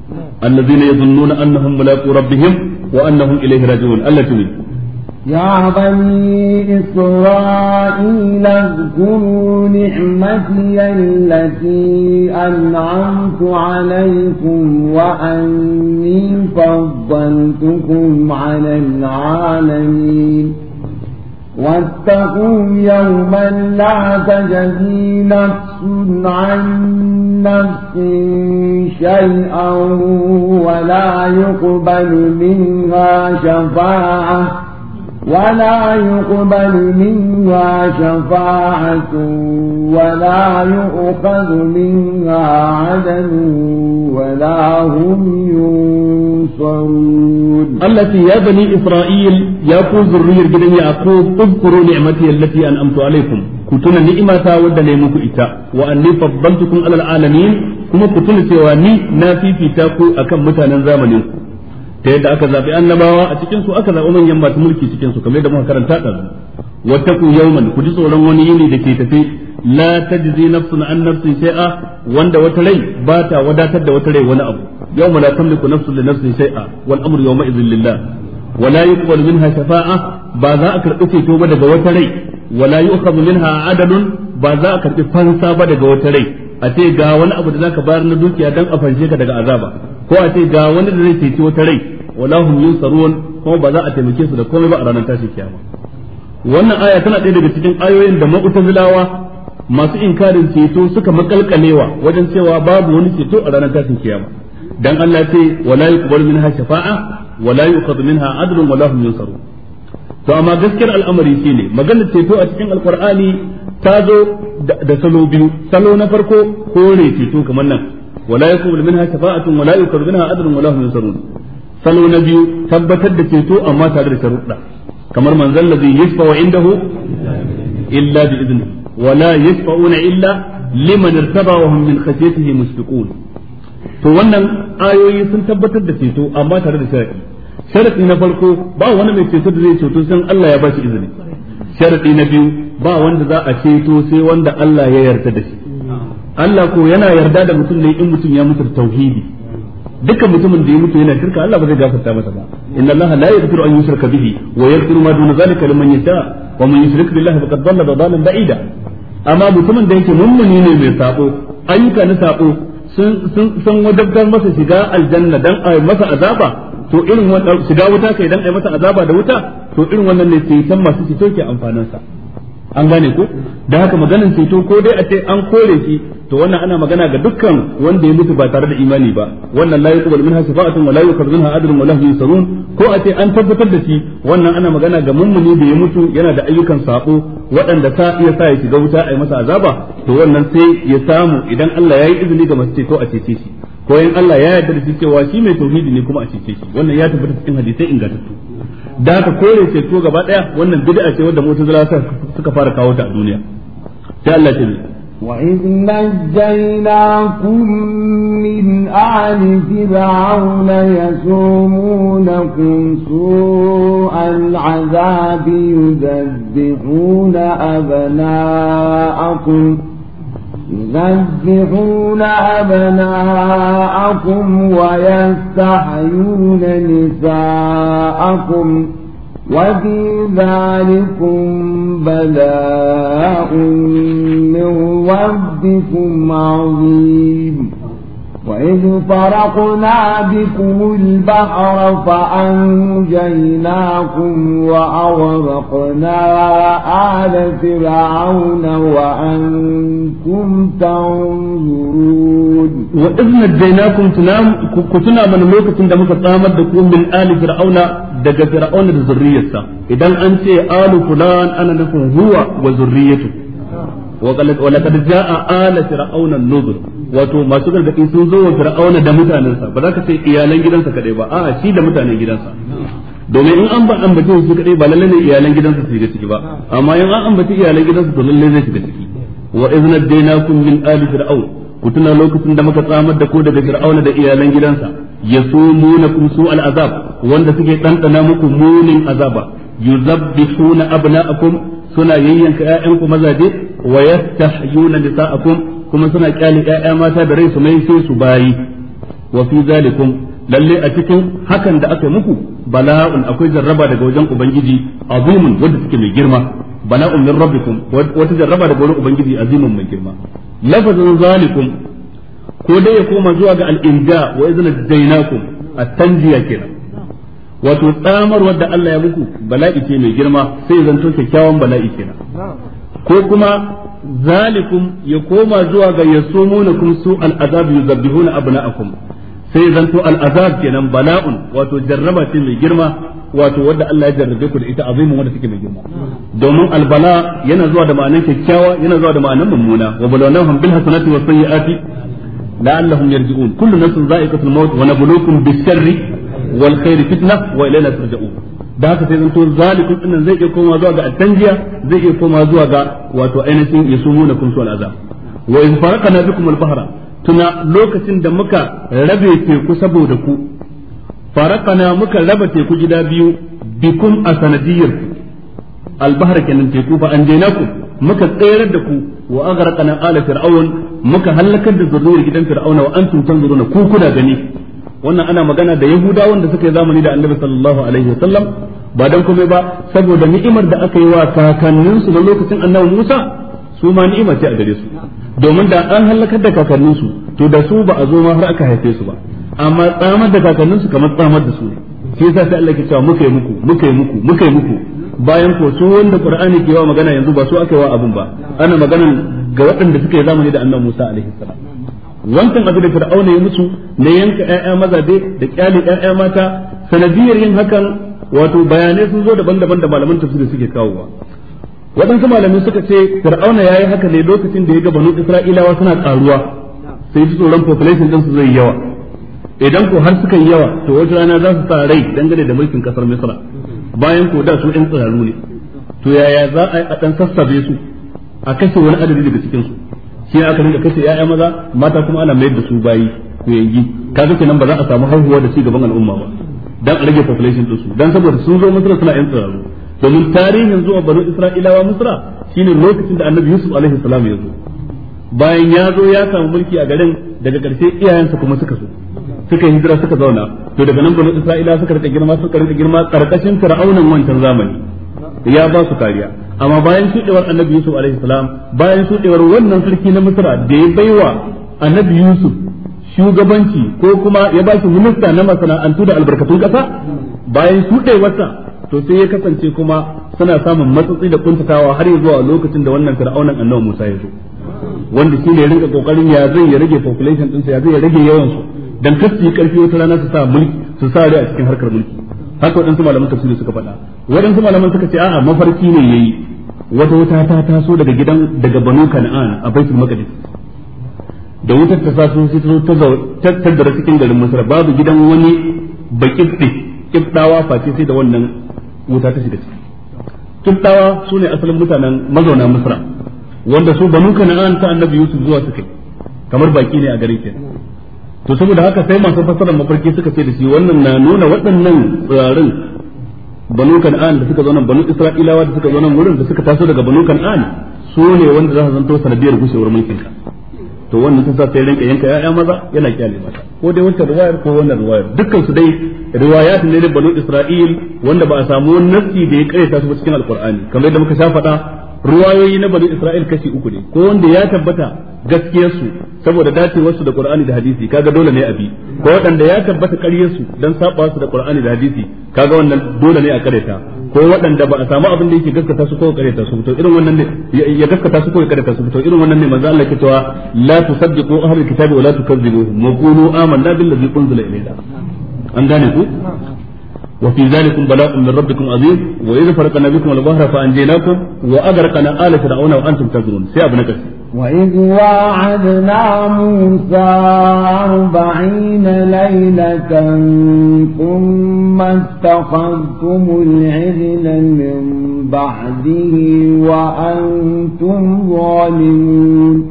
alladhina yadhunnuna annahum mulaqu يا بني إسرائيل اذكروا نعمتي التي أنعمت عليكم وأني فضلتكم على العالمين واتقوا يوما لا تجزي نفس عن نفس شيئا ولا يقبل منها شفاعه ولا يقبل منها شفاعة ولا يؤخذ منها عدل ولا هم ينصرون التي يا بني إسرائيل يا ذرية بن يعقوب اذكروا نعمتي التي أنعمت عليكم كنتم نعمة ود نعمك إتا وأني فضلتكم على العالمين كما كنتم سواني نافي في تاكو أكم متانا زامنكم ta yadda aka zaɓi annabawa a cikin su aka zabi manyan masu mulki cikin su kamar yadda muka karanta wata ku yawman ku ji tsoron wani yini da ke tafi la tajzi nafsun an nafsin shay'a wanda wata rai ba ta wadatar da wata rai wani abu yawma la tamliku nafsun li nafsin wata wal amru yawma idhin lillah ولا يقبل منها شفاعة بذا أكرت في توبة جوتري ولا يؤخذ منها عدل بذا أكرت فانسا بدجوتري أتي bayar أبو dukiya بارن a أدم ka daga azaba. ko a ce ga wani da zai ceci wata rai wala hum yusarun kuma ba za a taimake su da komai ba a ranar tashin kiyama wannan aya tana ɗaya daga cikin ayoyin da mu'tazilawa masu inkarin ceto suka makalkalewa wajen cewa babu wani ceto a ranar tashin kiyama dan Allah ce wala yuqbal minha shafa'a wala yuqad minha adlun wala hum to amma gaskiyar al'amari shine maganar ceto a cikin alqur'ani ta zo da salo biyu salo na farko kore ceto kamar nan ولا يقبل منها شفاعة ولا يقبل منها أجر ولا هم ينصرون salo na biyu tabbatar da ceto amma tare da sharuɗa kamar manzon ladhi yashfa'u indahu illa bi idni wa la yashfa'una illa liman to wannan ayoyi sun tabbatar da ceto amma tare da sharadi sharadi na farko ba wani mai ceto da zai ceto sai Allah ya ba shi izini sharadi na biyu ba wanda za a ceto sai wanda Allah ya yarda da shi Allah ko yana yarda da mutum ne in mutum ya mutu tauhidi dukkan mutumin da ya mutu yana shirka Allah ba zai gafarta masa ba inna Allah la yaghfiru an yushraka bihi wa yaghfiru ma duna zalika liman yasha wa man yushrik billahi faqad dhalla dhalalan ba'ida amma mutumin da yake mummuni ne mai sako ayyuka na sako sun sun wajabtar masa shiga aljanna dan a masa azaba to irin wannan shiga wuta kai dan a masa azaba da wuta to irin wannan ne sai san masu cito ke amfanin sa an gane ko da haka maganin ceto ko dai a ce an kore shi to wannan ana magana ga dukkan wanda ya mutu ba tare da imani ba wannan la yuqbal minha shafa'atun wa la yuqbal minha adlun wa la yusarun ko a ce an tabbatar da shi wannan ana magana ga mummuni da ya mutu yana da ayyukan sako waɗanda sa iya sa ya shiga wuta a yi masa azaba to wannan sai ya samu idan Allah ya yi izini ga masu ceto a cece shi ko in Allah ya yarda da shi cewa shi mai tauhidi ne kuma a cece shi wannan ya tabbata cikin hadisai ingantattu da aka kore ceto gaba daya wannan bid'a ce wadda mu'tazila suka fara kawo ta a duniya sai Allah ya وإذ نجيناكم من آل فرعون يسومونكم سوء العذاب يذبحون أبناءكم يذبحون أبناءكم ويستحيون نساءكم وفي ذلكم بلاء من ربكم عظيم وإذ فرقنا بكم البحر فأنجيناكم وأغرقنا آل فرعون وأنتم تنظرون وإذ نجيناكم تنام كتنا من لوكة دمك قامت بكم من آل فرعون دقى فرعون ذريته إذا أنت آل فلان أنا نكون هو وذريته wa laqad jaa ala fir'auna nuzur wato masu gargadi sun zo wa fir'auna da mutanensa ba za ka ce iyalan gidansa kaɗai ba a'a shi da mutanen gidansa domin in an ba ambace su kadai ba lalle ne iyalan gidansa su shiga ciki ba amma in an ambaci iyalan gidansa to lalle zai shiga ciki wa daina daynakum min ali fir'aun ku tuna lokacin da muka tsamar da ku daga fir'auna da iyalan gidansa yasumunakum su azab wanda suke dandana muku munin azaba yuzabbihuna abna'akum suna yayyanka ƴaƴanku mazaje wa yastahyuna nisa'akum kuma suna kyale ƴaƴa mata da rai su mai sai su bayi wa fi zalikum lalle a cikin hakan da aka muku bala'un akwai jarraba daga wajen ubangiji azumun wanda take mai girma bala'un min rabbikum wata jarraba daga wajen ubangiji azimun mai girma lafazin zalikum ko dai ya koma zuwa ga al-inja wa idna dainakum at-tanjiya kenan wato tsamar wadda Allah ya muku bala'i ce mai girma sai zanto kyakkyawan bala'i kenan ko kuma zalikum ya koma zuwa ga ya kun su al'azab na akwam. sai zanto al'azab kenan bala'un wato jarraba ce mai girma wato wadda Allah ya jarrabe ku da ita azimin wadda take mai girma domin albala yana zuwa da ma'anar kyakkyawa yana zuwa da ma'anar mummuna wa balawnahum bil hasanati was sayyiati la'allahum yarji'un kullu nafsin za'iqatul maut wa nabluukum bis sharri wal khairi fitna wa ilaina turja'un da haka sai zanto zalikun dinnan zai iya koma zuwa ga attanjiya zai iya koma zuwa ga wato ainihin yasumuna kum su'al azab wa in faraqna bikum al bahra tuna lokacin da muka rabe teku saboda ku faraqna muka raba teku gida biyu bikum a sanadiyyar al bahra kenan teku fa anjaynakum muka tsayar da ku wa aghraqna ala fir'aun muka halakar da zurriyar gidan fir'auna wa antum tanzuruna ku kuna gani wannan ana magana da yahuda wanda suka yi zamani da annabi sallallahu alaihi wasallam ba dan komai ba saboda ni'imar da aka yi wa kakanninsu na lokacin annabi Musa su ma ni'ima ce a gare su domin da an halakar da kakanninsu to da su ba a zo ma har aka haife su ba amma tsamar da kakanninsu kamar tsamar da su ne shi yasa sai Allah ke cewa muka yi muku muka yi muku muka yi muku bayan ko su wanda Qur'ani ke wa magana yanzu ba su aka yi wa abun ba ana magana ga waɗanda suka yi zamani da annabi Musa alaihi salam wancan abu da fir'auna ya mutu na yanka ƴaƴa dai da ƙyale ƴaƴa mata sanadiyar yin hakan wato bayanai sun zo daban-daban da malaman tafsiri suke kawowa waɗansu malamai suka ce fir'auna ya yi haka ne lokacin da ya ga banu isra'ilawa suna ƙaruwa sai su tsoron population ɗinsu zai yawa idan ko har suka yi yawa to wata rana za su sa rai dangane da mulkin ƙasar misra bayan ko da su ɗan tsiraru ne to yaya za a yi a ɗan sassabe su a kashe wani adadi daga cikinsu shi aka rinka kashe ya'ya maza mata kuma ana mayar da su bayi ku yanki kaga kenan ba za a samu haihuwa da cigaban gaban al'umma ba dan rage population din su dan saboda sun zo Misra suna yan tsaro domin tarihin zuwa banu Isra'ilawa Misra shine lokacin da Annabi Yusuf alaihi salam ya zo bayan ya zo ya samu mulki a garin daga karshe iyayensa kuma suka so suka hijira suka zauna to daga nan banu Isra'ila suka rika girma suka rika girma karkashin fir'aunan wancan zamani ya ba su kariya amma bayan shuɗewar annabi yusuf alaihi bayan shuɗewar wannan sarki na misra da ya baiwa annabi yusuf shugabanci ko kuma ya ba shi minista na masana'antu da albarkatun ƙasa. bayan shuɗewarsa to sai ya kasance kuma suna samun matsatsi da kuntatawa har zuwa lokacin da wannan fir'aunan annabi musa ya zo wanda shi ne ya rinka kokarin ya zai ya rage population ɗinsa ya zai ya rage yawansu su dan kasu karfi wata rana su sa mulki su sa rai a cikin harkar mulki haka waɗansu malaman tafsiri suka faɗa waɗansu malaman suka ce a'a mafarki ne yayi wata wuta ta taso daga gidan daga banu kan'an a baitul maqdis da wutar ta taso sai ta zo ta da cikin garin masar babu gidan wani bakibdi kiddawa face sai da wannan wuta ta shiga ciki kiddawa sune asalin mutanen mazauna masar wanda su banu kan'an ta annabi yusuf zuwa suka kamar baki ne a garin kenan to saboda haka sai masu fasarar mafarki suka ce da shi wannan na nuna waɗannan tsirarin banu kan'an da suka zo banu isra'ilawa da suka zo wurin da suka taso daga banu kan'an su ne wanda za su zanto sanadiyar gushewar mulkin ka to wannan sun sa sai rinka yanka ya'ya maza yana kyale mata ko dai wancan riwayar ko wannan riwayar dukkan su dai riwayat ne da banu isra'il wanda ba a samu wani nassi da ya karyata su cikin alqur'ani kamar yadda muka sha faɗa ruwayoyi na bani Isra'il kashi uku ne ko wanda ya tabbata gaskiyar su saboda dacewar su da Qur'ani da hadisi kaga dole ne a bi ko waɗanda ya tabbata ƙaryar su dan saba su da Qur'ani da hadisi kaga wannan dole ne a kareta ko waɗanda ba a samu abin da yake gaskata su ko kareta su to irin wannan ne ya gaskata su ko kareta su to irin wannan ne manzo Allah ke cewa la tusaddiqu ahlul kitabi wa la tukazzibuhum maqulu amanna billazi unzila ilayna an gane ku وفي ذلك بلاء من ربكم عظيم وإذا فرقنا بكم البحر فأنجيناكم وأغرقنا آل فرعون وأنتم تنظرون سي أبن كثير وإذ وعدنا موسى أربعين ليلة ثم اتخذتم العجل من بعده وأنتم ظالمون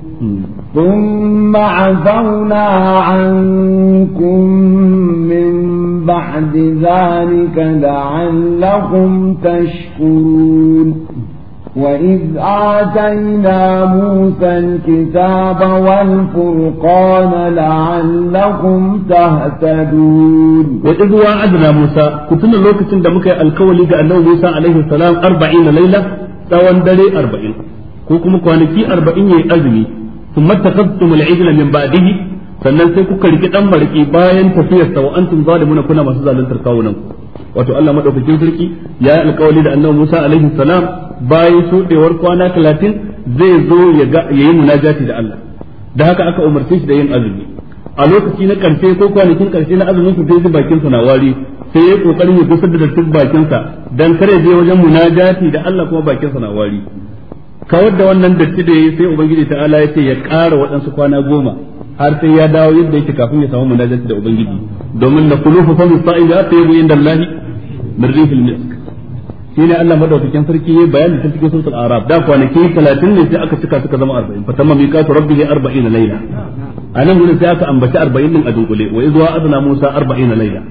ثم عفونا عنكم بعد ذلك لعلكم تشكرون وإذ آتينا موسى الكتاب والفرقان لعلكم تهتدون وإذ وعدنا موسى كتنا لوكة دمك الكولي أنه موسى عليه السلام أربعين ليلة tsawon dare arba'in ko kuma kwanaki arba'in ya yi azumi sun matakastun al'ijila min ba'dihi sannan sai kuka riki dan mariki bayan tafiyar sa wa antum zalimuna kuna masu zaluntar kawunan ku wato Allah madaukakin sarki ya yi alƙawari da Annabi Musa alaihi salam bayan shudewar kwana 30 zai zo ya yi munajati da Allah da haka aka umarce shi da yin azumi a lokaci na karshe ko kwanakin karshe na azumin su sai bakin sa na wari sai ya kokarin ya gusar da dattin bakin sa dan kare je wajen munajati da Allah kuma bakin sa na wari kawar da wannan datti da yayi sai ubangiji ta'ala ya ce ya ƙara waɗansu kwana goma har sai ya dawo yadda yake kafin ya samu munajati da ubangiji domin na kulufu fa min sa'in da ta yi inda Allah min rihil misk shine Allah madaukakin sarki yayi bayani ta cikin suratul araf da kwanaki 30 ne sai aka cika suka zama 40 fatamma miqatu rabbihi 40 layla anan gudu sai aka ambaci 40 din a dunkule wa izwa adna musa 40 layla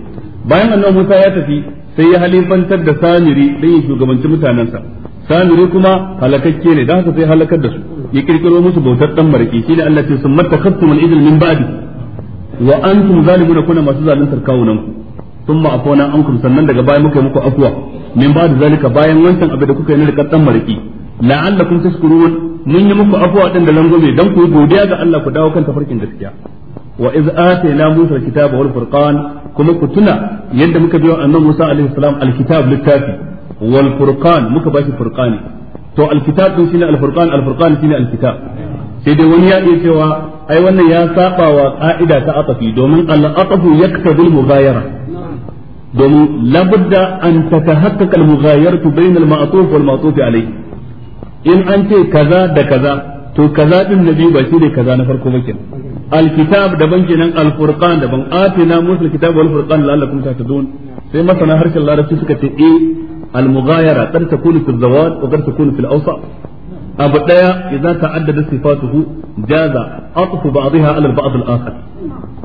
bayan annabi musa ya tafi sai ya halifantar da samiri dan shugabancin mutanansa samiri kuma halakakke ne dan haka sai halakar da su ya kirkiro musu bautar dan maraki shine Allah ce summa takhastum al-idl min ba'di wa antum zalimuna kuna masu zaluntar kawunan ku thumma afawna ankum sannan daga baya muka yi muku afwa min ba'di zalika bayan wancan abin da kuka yi na rikar dan maraki la'allakum tashkurun mun yi muku afwa din da langume dan ku godiya ga Allah ku dawo kan tafarkin gaskiya wa iz atayna musa kitaba wal furqan kuma ku tuna yadda muka biyo annabi Musa alaihi salam al'kitab littafi wal furqan muka bashi furqani to alkitab din shine alfurqan alfurqan shine alkitab sai dai wani ya iya cewa ai wannan ya saba wa ka'ida ta atafi domin al-atafu yaktabu al-mughayara domin labudda an tatahaqqaqa al-mughayaratu bayna al-ma'tuf wal-ma'tuf alayhi in an ce kaza da kaza to kaza din nabi ba shi ne kaza na farko ba kenan alkitab daban kenan alfurqan daban atina musul kitab wal furqan la'allakum tahtadun sai masana harshen larabci suka ce eh المغايرة قد تكون في الزواج وقد تكون في الأوسط أبو ديا إذا تعدد صفاته جاز أطف بعضها على البعض الآخر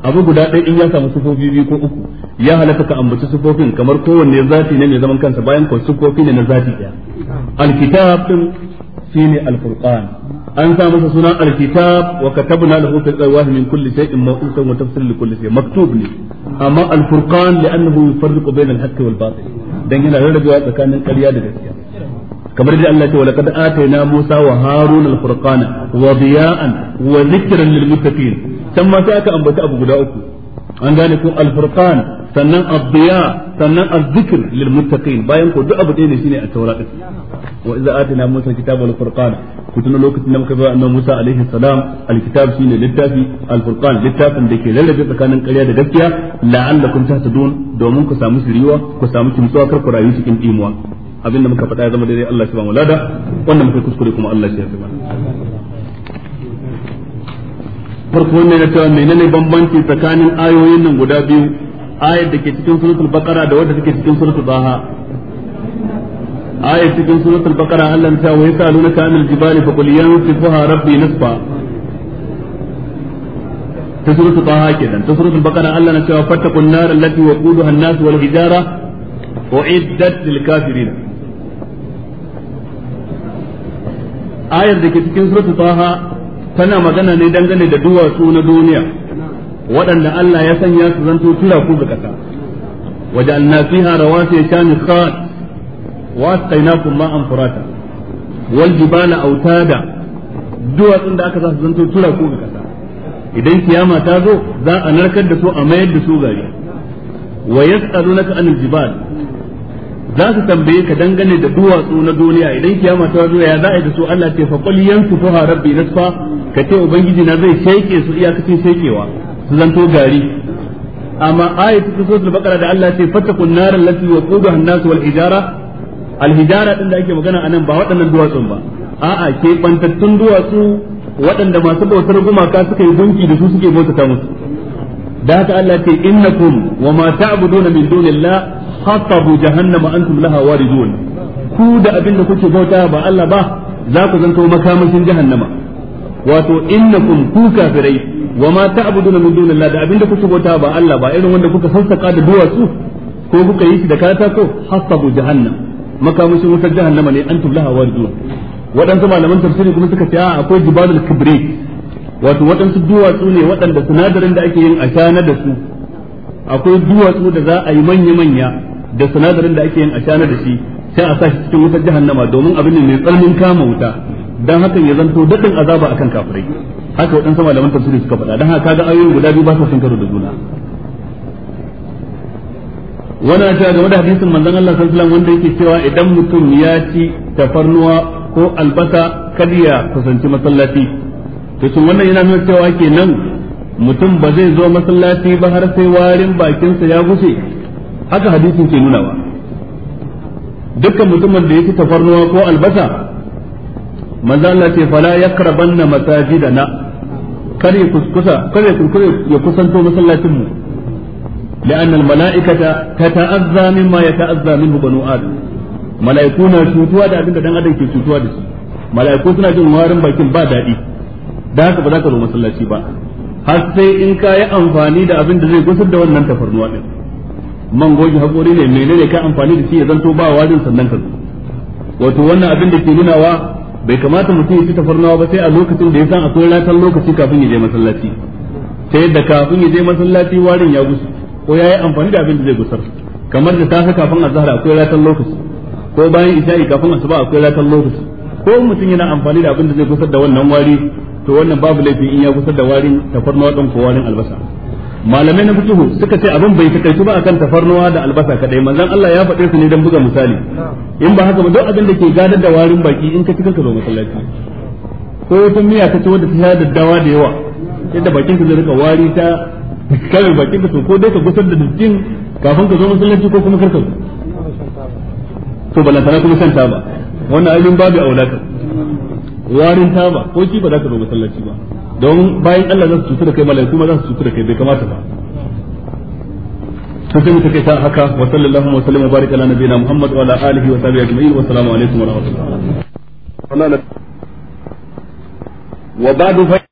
abu guda ɗaya in ya samu sufofi biyu ko uku ya halatta ka ambaci sufofin kamar kowanne zati ne mai zaman kansa bayan ko sufofi na zati ɗaya alkitab din shine alfurqan an sa masa suna alkitab wa katabna lahu fil alwah min kulli shay'in mawqitan wa tafsir li kulli shay maktub ne amma alfurqan li'annahu yufarriqu bayna alhaqq wal batil dan yana rarrabewa tsakanin ƙarya da gaskiya kamar da Allah ya ce wa laqad atayna Musa wa Harun alfurqana wa diya'an wa dhikran lil muttaqin can ma sai aka ambata abu guda uku an gane ko alfurqan sannan ad-diya' sannan azzikr lil muttaqin bayan ko duk abu ɗaya ne shine a taura din wa idza atina musa kitaba al furqan kutuna lokacin da muka ba annabi musa alaihi salam al kitab shine littafi al furqan littafin da ke lallabe tsakanin ƙarya da gaskiya la'allakum tahtadun domin ku samu siriwa ku samu kimtsuwa kar ku rayu cikin dimuwa abinda muka faɗa ya zama daidai Allah shi ba mu lada wannan muka kuskure kuma Allah shi ya zama farko ne na cewa menene bambanci tsakanin ayoyin nan guda biyu ayar da ke cikin suratul baqara da wadda take cikin suratul baha ayar cikin suratul baqara Allah ta wa yasalunaka anil jibali fa qul yansifuha rabbi nasfa ta suratul baha kenan ta suratul baqara Allah na cewa fattaqun nar allati waquduha an-nas wal hijara uiddat lil kafirin ayar da ke cikin suratul baha tana magana ne dangane da duwatsu na duniya waɗanda Allah ya sanya su zanto tura ku ga ƙasa waja'alna fiha rawasiya shanikhat wa asqaynakum an furata wal jibala autada duwatsun da aka sa su zanto tura ku ga ƙasa idan kiyama ta zo za a narkar da su a mayar da su gari wa yas'alunaka anil jibal za su tambaye ka dangane da duwatsu na duniya idan kiyama ta zo ya za a yi da su Allah ce fa qul yansufuha rabbi nasfa ka ce ubangiji na zai sheke su iyakacin shekewa su zanto gari amma ayatu ta suratul da Allah ce fatakun narin allati wa an hannasu wal hijara al hijara din da ake magana anan ba waɗannan duwatsun ba a'a ke bantattun duwatsu waɗanda masu bautar gumaka suka yi gunki da su suke bautata musu da haka Allah ce innakum wa ma ta'buduna min dunillah hatabu jahannama antum laha waridun ku da abin da kuke bauta ba Allah ba za ku zanto makamashin jahannama wato innakum ku kafirai wa ma ta'buduna min dunillahi da abinda kuke bauta ba Allah ba irin wanda kuka sassaka da duwatsu ko kuka yi shi da katako hasabu jahannam makamashin wutar jahannama ne antum laha waridun waɗansu malaman tafsiri kuma suka ce a akwai jibalul kibrit wato waɗansu duwatsu ne waɗanda sinadarin da ake yin ashana da su akwai duwatsu da za a yi manya manya da sinadarin da ake yin ashana da shi sai a sa shi cikin wutar jahannama domin abin ne mai tsananin kama wuta dan hakan ya zanto daɗin azaba akan kafirai haka waɗansu malaman tafsiri suka faɗa don haka kaga ayoyin guda biyu ba su sun karo da juna wannan cewa game da hadisin manzon Allah sallallahu alaihi wanda yake cewa idan mutum ya ci tafarnuwa ko albasa kada ya kusanci masallaci to shin wannan yana nuna cewa kenan mutum ba zai zo masallaci ba har sai warin bakinsa ya gushe haka hadisin ke nunawa dukkan mutumin da ya ci tafarnuwa ko albasa manzo Allah ce fala yakrabanna masajidana kare kuskusa kare kuskure ya kusanto masallacin mu al malaikata tata'azza mimma yata'azza minhu banu adam Malaiku na cutuwa da abinda dan adam ke cutuwa da shi malaiku suna jin warin bakin ba daɗi da haka ba za ka zo masallaci ba har sai in ka yi amfani da abin da zai gusar da wannan tafarnuwa din man goji haƙori ne menene ka amfani da shi ya zanto ba warin sannan ka zo wato wannan abin da ke nunawa bai kamata mutum ya ci tafarnawa ba sai a lokacin da ya san akwai ratan lokaci kafin ya je masallaci ta yadda kafin ya je masallaci warin ya gusu ko ya yi amfani da abin da zai gusar kamar da safe kafin azhar akwai ratan lokaci ko bayan isha'i kafin asuba akwai ratan lokaci ko mutum yana amfani da abin da zai gusar da wannan wari to wannan babu laifin in ya gusar da warin tafarnawa ɗin ko warin albasa malamai na fituhu suka ce abin bai takaitu ba akan tafarnuwa da albasa kadai manzon Allah ya faɗe su ne dan buga misali in ba haka ba duk abin da ke gadar da warin baki in ka ci kanka zo masallaci ko wata miya ta ce wadda ta da dawa da yawa yadda bakin ka zai rika wari ta kawai bakin ka so ko dai ka gusar da dukkin kafin ka zo masallaci ko kuma karka to balantana kuma shan ba wannan aibin babu aulaka warin ba ko shi ba za ka zo masallaci ba don bayan Allah za su cutu da kai malaiku ma za su cutu da kai bai kamata ba sun sai mutum kai sa haka wa sallallahu wa sallam wa baraka ala nabiyina muhammad wa ala alihi wa sahbihi ajma'in wa assalamu alaikum wa rahmatullah wa ba'du